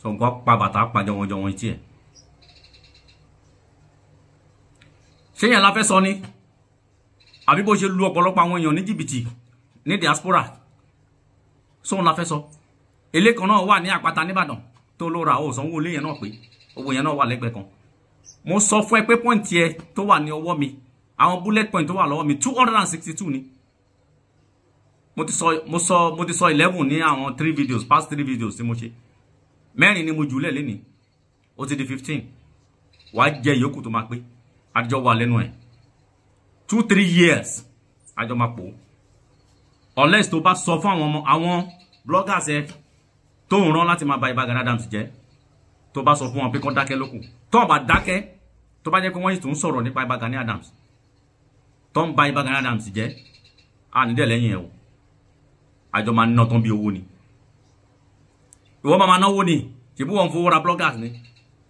sọ nǹkan pa bàtà pa jọwọ́jọ wọn etí ẹ̀ ṣé yẹn la fẹ́ sọ ni àbí bó ṣe lu ọ̀pọ̀lọpọ̀ àwọn èèyàn ní jìbìtì ní diaspora sóun la fẹ́ sọ èlé kan náà wà ní àpáta nìbàdàn tó ló ra ó sanwó ilé yẹn náà pé owó yẹn náà wà lẹ́gbẹ̀ẹ́ kan mo sọ fún ẹ pé pọ́ǹtì ẹ tó wà ní ọwọ́ mi àwọn bullet point tó wà lọ́wọ́ mi two hundred and sixty two ni mo ti sọ mo sọ mo ti sọ eleven ní àwọn three videos past three videos tí mo ṣe mẹ́rin ni mo jùlẹ̀ lénìí ó ti di fifteen wàá jẹ ìyókù tó máa pé àjọ wà lẹ́nu ẹ̀ two three years àjọ máa pò ó unless tó bá sọ fún àwọn ọmọ àwọn bloggers ẹ tó ń rán láti máa ba Ìbà Gani Adams jẹ́ tó bá sọ fún wọn pé kán dákẹ́ lókù tó bá dákẹ́ tó bá jẹ́ pé wọ́n yìí tó ń sọ̀rọ̀ nípa Ìbà Gani Adams tó ń ba Ìbà Gani Adams jẹ́ ànídẹ̀ lẹ́yìn ẹ̀ o àjọ máa ná tán bí owó ni ìwọ́n máa náwó ni tìbú wọn fowó ra bloggers ni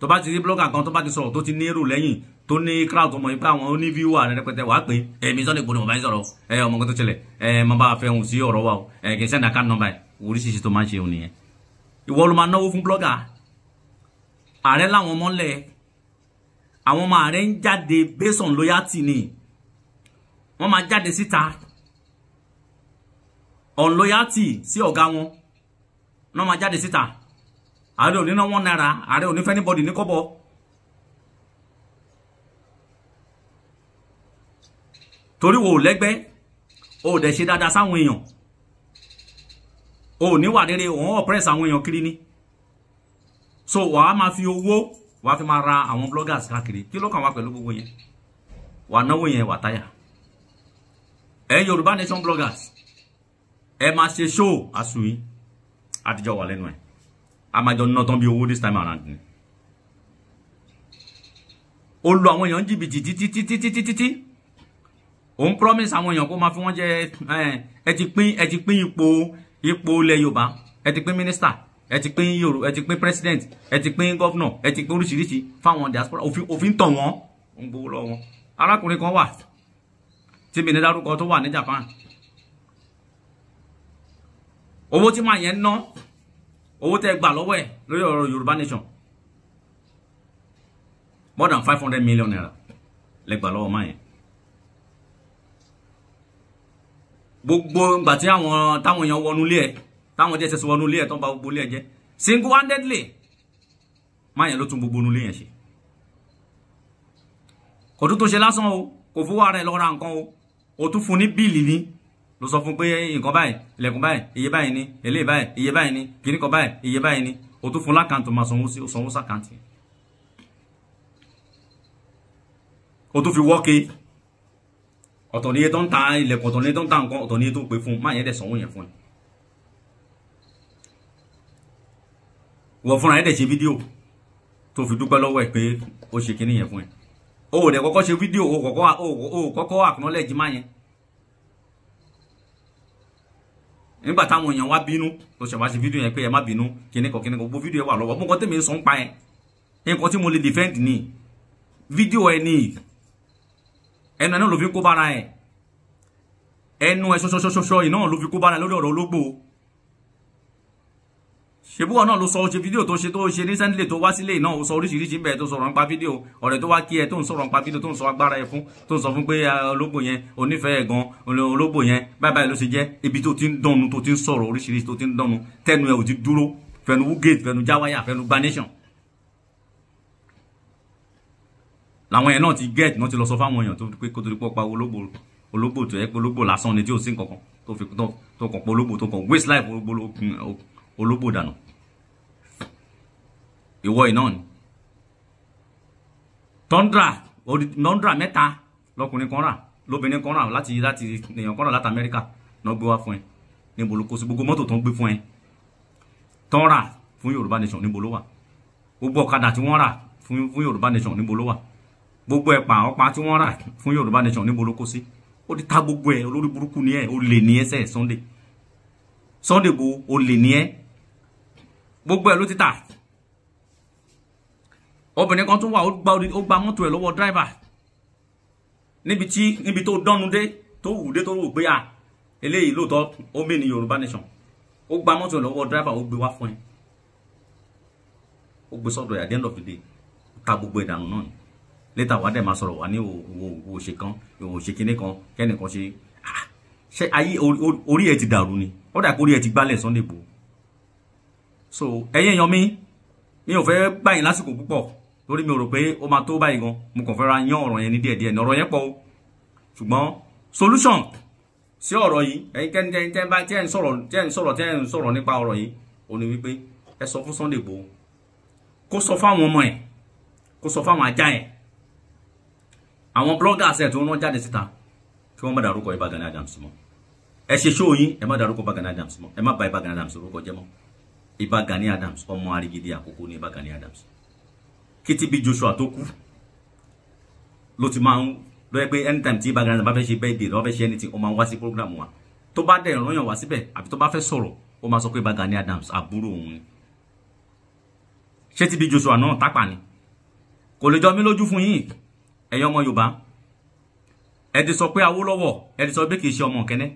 tó bá ti rí blogger kan tó bá ti sọ̀rọ̀ tó ti ní èrò lẹ́yìn tó ní crowd tó mọ̀ ipa àwọn onífíwà rẹpẹtẹ wàá pé èmi sọ́ni ìgbóni mo bá ń sọ̀rọ̀ ẹ ọmọ kan tó ṣẹlẹ̀ ẹ mo bá fẹ́ ohun sí ọ̀rọ̀ wa o ẹ kì í sẹ́ni àká nọ́mbà ẹ oríṣiríṣi tó máa ń ṣe òun nìyẹn ìwọ ló máa náwó fún blogger ààrẹ láwọn ọmọ ńlẹ̀ àwọn ọmọ ààrẹ ń jáde based on loyalty ni wọ́n máa jáde síta on loyalty sí ọ̀gá wọn wọ́n máa jáde síta ààrẹ ò ní ná wọn náírà ààrẹ ò ní fẹ́ anybody ní kọ́bọ̀. torí wo lẹ́gbẹ́ o ò dẹ̀ ṣe dáadáa sáwọn èèyàn o ò níwà rere òun oppress àwọn èèyàn kiri ni so wàá máa fi owó wà á fi máa ra àwọn bloggers káàkiri kí ló kàn wá pẹ̀lú gbogbo yẹn wà náwó yẹn wà táyà ẹ Yorùbá Nation bloggers ẹ máa ṣe show àsùnwìn àtijọ́ wà lẹ́nu ẹ̀ a máa jọ ná tán bí owó this time around ni ó lu àwọn èèyàn jìbìtì títí títí títí títí òun promise àwọn èèyàn kó máa fi wọ́n jẹ ẹ ti pín ẹ ti pín ipò ipò ilẹ̀ Yorùbá ẹ ti pín mínísítà ẹ ti pín yorùbá ẹ ti pín president ẹ ti pín governor ẹ ti pín oríṣiríṣi fáwọn diaspora òfin òfin tàn wọ́n ń gbowó lọ wọn arákùnrin kan wà tí mi ní dárúkọ tó wà ní Japan owó tí màá yẹn ń ná owó tẹ́ gbà lọ́wọ́ ẹ̀ lórí ọ̀rọ̀ Yorùbá nation more than five hundred million naira lẹ gbà lọ́wọ́ màá yẹn gbogbo ìgbà tí àwọn táwọn èèyàn wọnú ilé ẹ̀ táwọn díẹ̀ ṣẹ̀ṣẹ̀ wọnú ilé ẹ̀ tó ń ba gbogbo ilé ẹ̀ jẹ́ single handedly máa yẹn ló tún gbogbo inú ilé yẹn ṣe kò tún tó ṣe lásán o kò fowó ara ẹ̀ lọ ra nǹkan o o tún fún ní bíìlì ni ló sọ fún pé nǹkan báyìí ilẹ̀kùn báyìí iye báyìí ni eléyìí báyìí iye báyìí ni kìnnìkan báyìí iye báyìí ni o tún fún lákàntó máa sanwó sí sanwó sàkàntì o tún fi wọ́ọ̀kì ọ̀tọ̀ níye tó ń ta ilẹ̀kùn ọ̀tọ̀ níye tó ń ta nǹkan ọ̀tọ̀ níye tó ń pè fún máa yẹn dẹ̀ sanwó yẹn fún ẹ. wọ́n fúnra ẹ̀ dẹ̀ ṣe fídíò tó fi dúpẹ́ lọ́wọ́ ẹ̀ pé ó ṣe kinní yẹn fún ẹ̀ o ò dẹ̀ kọ́kọ́ ṣe fídíò o kọ́kọ́ o kọ́kọ́ acknowledge má yẹn nígbà táwọn èèyàn wá bínú tó ṣe wá ṣe fídíò yẹn pé ẹ má bínú kinní kan kinní kan gbogbo fídíò yẹn wà lọ́wọ́ mo kàn tèmi sọ ń pa yẹn nǹkan tí mo lè defend ni fídíò ẹ ní ẹnu ẹ náà ló fi kó bára ẹ ẹnu ẹ ṣọṣọṣọṣọ ìnáà ló fi kó bára lórí ọ̀rọ̀ ológbò ṣebúwọ náà ló sọ ó ṣe fídíò tó ṣe tó ṣe recently tó wá sílé náà ó sọ oríṣiríṣi bẹ́ẹ̀ tó sọ̀rọ̀ nípa fídíò ọ̀rẹ́ tó wá kí ẹ tó ń sọ̀rọ̀ nípa fídíò tó ń sọ agbára ẹ fún tó ń sọ fún pé ológbò yẹn onífẹ̀ẹ́ gan ológbò yẹn báyìí báyìí ló ṣe jẹ́ ibi tó ti ń dọnu tó ti ń sọ̀rọ̀ oríṣiríṣi tó ti ń dọnu tẹnu ẹ ò ti dúró fẹnu wúgate fẹnu jáwáyà fẹnu gbanation làwọn yẹn náà ti get náà ti lọ sọ fáwọn èèyàn tó pé kó torí pọ́ pa ológbò ológbò tó yẹ pé ológbò lásán ni tí ò sí nǹkan dànù ìwọ iná ni tọ́ndra nọ́ndra mẹ́ta lọkùnrin kan rà lóbìnrin kan rà láti láti èèyàn kan rà láti amẹ́ríkà náà gbé wá fún ẹ níbo ló kó sí gbogbo mọ́tò tó ń gbé fún ẹ tọ́nra fún yorùbá nation níbo ló wà gbogbo ọ̀kadà tí wọ́n rà fún yorùbá nation níbo ló wà gbogbo ẹ̀pà ọ̀pá tí wọ́n rà fún yorùbá nation níbo ló kó sí ó ti ta gbogbo ẹ olórí burúkú ni ẹ ó lè ní ẹsẹ̀ sunday sunday bo ó lè ní ẹ gbogbo ẹ ló ti tà obìnrin kan tún wà ó gba mọ́tò ẹ̀ lọ́wọ́ dráìvà níbi tí níbi tó dánú dé tó wù dé tó wù pé à eléyìí lóòótọ́ ó mì ní yorùbá nation ó gba mọ́tò ẹ̀ lọ́wọ́ dráìvà ó gbé wá fún ẹ ó gbé sọ́dọ̀ ẹ̀ at the end of the day ta gbogbo ìdànù náà létà wàá dẹ̀ máa sọ̀rọ̀ wá ní òwò òṣè kan òwò òṣè kinní kan kẹ́nìkan ṣe ṣe ayé orí ẹ̀ ti dàrú ni ó dà pé orí ẹ̀ ti gbálẹ̀ Sunday Igboho so ẹ̀yin èèyàn mi mi ò fẹ́ gbà yín lásìkò púpọ̀ lórí mi ò rò pé ó máa tó báyìí gan mo kàn fẹ́ ra yán ọ̀rọ̀ yẹn ní díẹ̀díẹ̀ ní ọ̀rọ̀ yẹn pọ̀ o ṣùgbọ́n solution sí ọ̀rọ̀ yìí ẹ̀yin tẹ́ni tẹ́ bá tẹ́ ń sọ̀rọ̀ tẹ́ ń sọ̀rọ̀ tẹ́ ń sọ̀rọ̀ nípa ọ̀rọ̀ yìí ó ní wípé ẹ sọ fún Sunday Igboho kó sọ fáwọn ọmọ ẹ̀ kó sọ fáwọn ajá ẹ̀ àwọn bloggers ẹ̀ tó ń rán jáde síta kí wọ́n má dárúkọ Ìbà Adams mọ́ ẹ ṣe ṣó yín ẹ má dárúkọ Ìbà Gani Adams mọ́ ẹ má bà Ìbà Adams orúkọ jẹ́ mọ́ Ìbà Adams ọmọ arigidi àkókò ní Ìbà Adams kété bí Joshua tó kú ló ti máa ń lọ́yẹ́ pé anytime tí background bá fẹ́ ṣe birthday lọ́wọ́ fẹ́ ṣe anything ó máa ń wá sí program wa tó bá dẹ̀ ràn yàn wá síbẹ̀ àbí tó bá fẹ́ sọ̀rọ̀ ó máa sọ pé Gani Adams àbúrò òun ni ṣé ti bí Joshua náà tápà ni kò lè jọ mí lójú fún yín ẹ̀yin ọmọ Yorùbá ẹ ti sọ pé Awólọ́wọ̀ ẹ ti sọ pé kì í ṣe ọmọ kẹ́nẹ́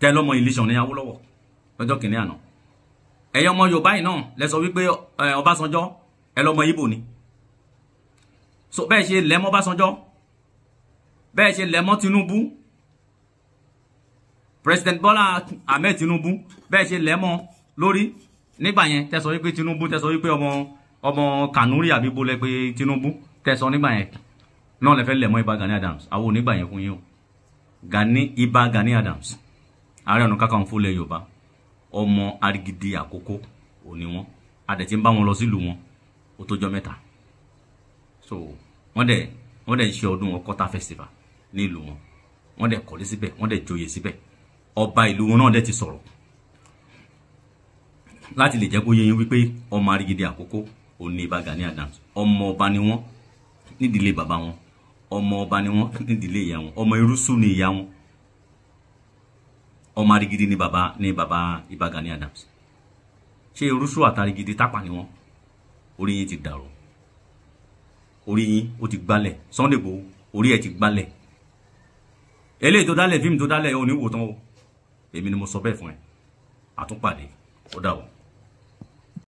tẹ lọ́mọ ìlísàn ní Awólọ́wọ̀ lọ́jọ́ kìnínní àná ẹ̀yin ọmọ Yorùbá yìí náà lẹ sọ wípé Ọbásanjọ́ ẹ lọ́mọ Ìgbò ni so bẹ́ẹ̀ ṣe lẹ́mọ́ Básanjọ́ bẹ́ẹ̀ ṣe lẹ́mọ́ Tinubu President Bola Ahmed Tinubu bẹ́ẹ̀ ṣe lẹ́mọ́ lórí nígbà yẹn tẹ̀sọ̀ wípé Tinubu tẹ̀sọ̀ wípé ọmọ ọmọ Kanuri àbí bolẹ̀ pé Tinubu tẹ̀sọ̀ nígbà yẹn náà lè fẹ́ ibà Gani Adams àwọn onígbà yẹn fún yín o Gani ibà Gani Adams Ààrẹ Ọ̀nà Kakanfò lẹ̀ Yorùbá ọmọ arigidi àkókò òní wọn adẹ̀ ti ń bá wọn lọ sílùú wọn ó tójọ́ mẹ́ta so wọ́n dẹ̀ wọ́n dẹ̀ ń ṣe ọdún wọn festival ní ìlú wọn wọ́n dẹ̀ kọ́lé síbẹ̀ wọ́n dẹ̀ joyè síbẹ̀ ọba ìlú wọn náà dẹ̀ ti sọ̀rọ̀ láti lè jẹ́ kó yé yín wípé ọmọ Àrígídé àkókò òní Ìbà Gani Adams ọmọ ọba ni wọ́n nídìílé bàbá wọn ọmọ ọba ni wọ́n nídìílé ìyá wọn ọmọ irúsù ni ìyá wọn ọmọ Àrígídé ni bàbá ni bàbá Ìbà Gani Adams ṣé irúsù àtàrígídé tápà ni wọ́n orí yín ti dàrú orí yín ó ti gbálẹ̀ Sunday Igboho orí ẹ̀ ti gbálẹ̀ eléyìí tó dálẹ̀ fíìmù tó dálẹ̀ ò wò tán o èmi ni mo sọ bẹ́ẹ̀ fún ẹ àtúnpàdé ó dà o.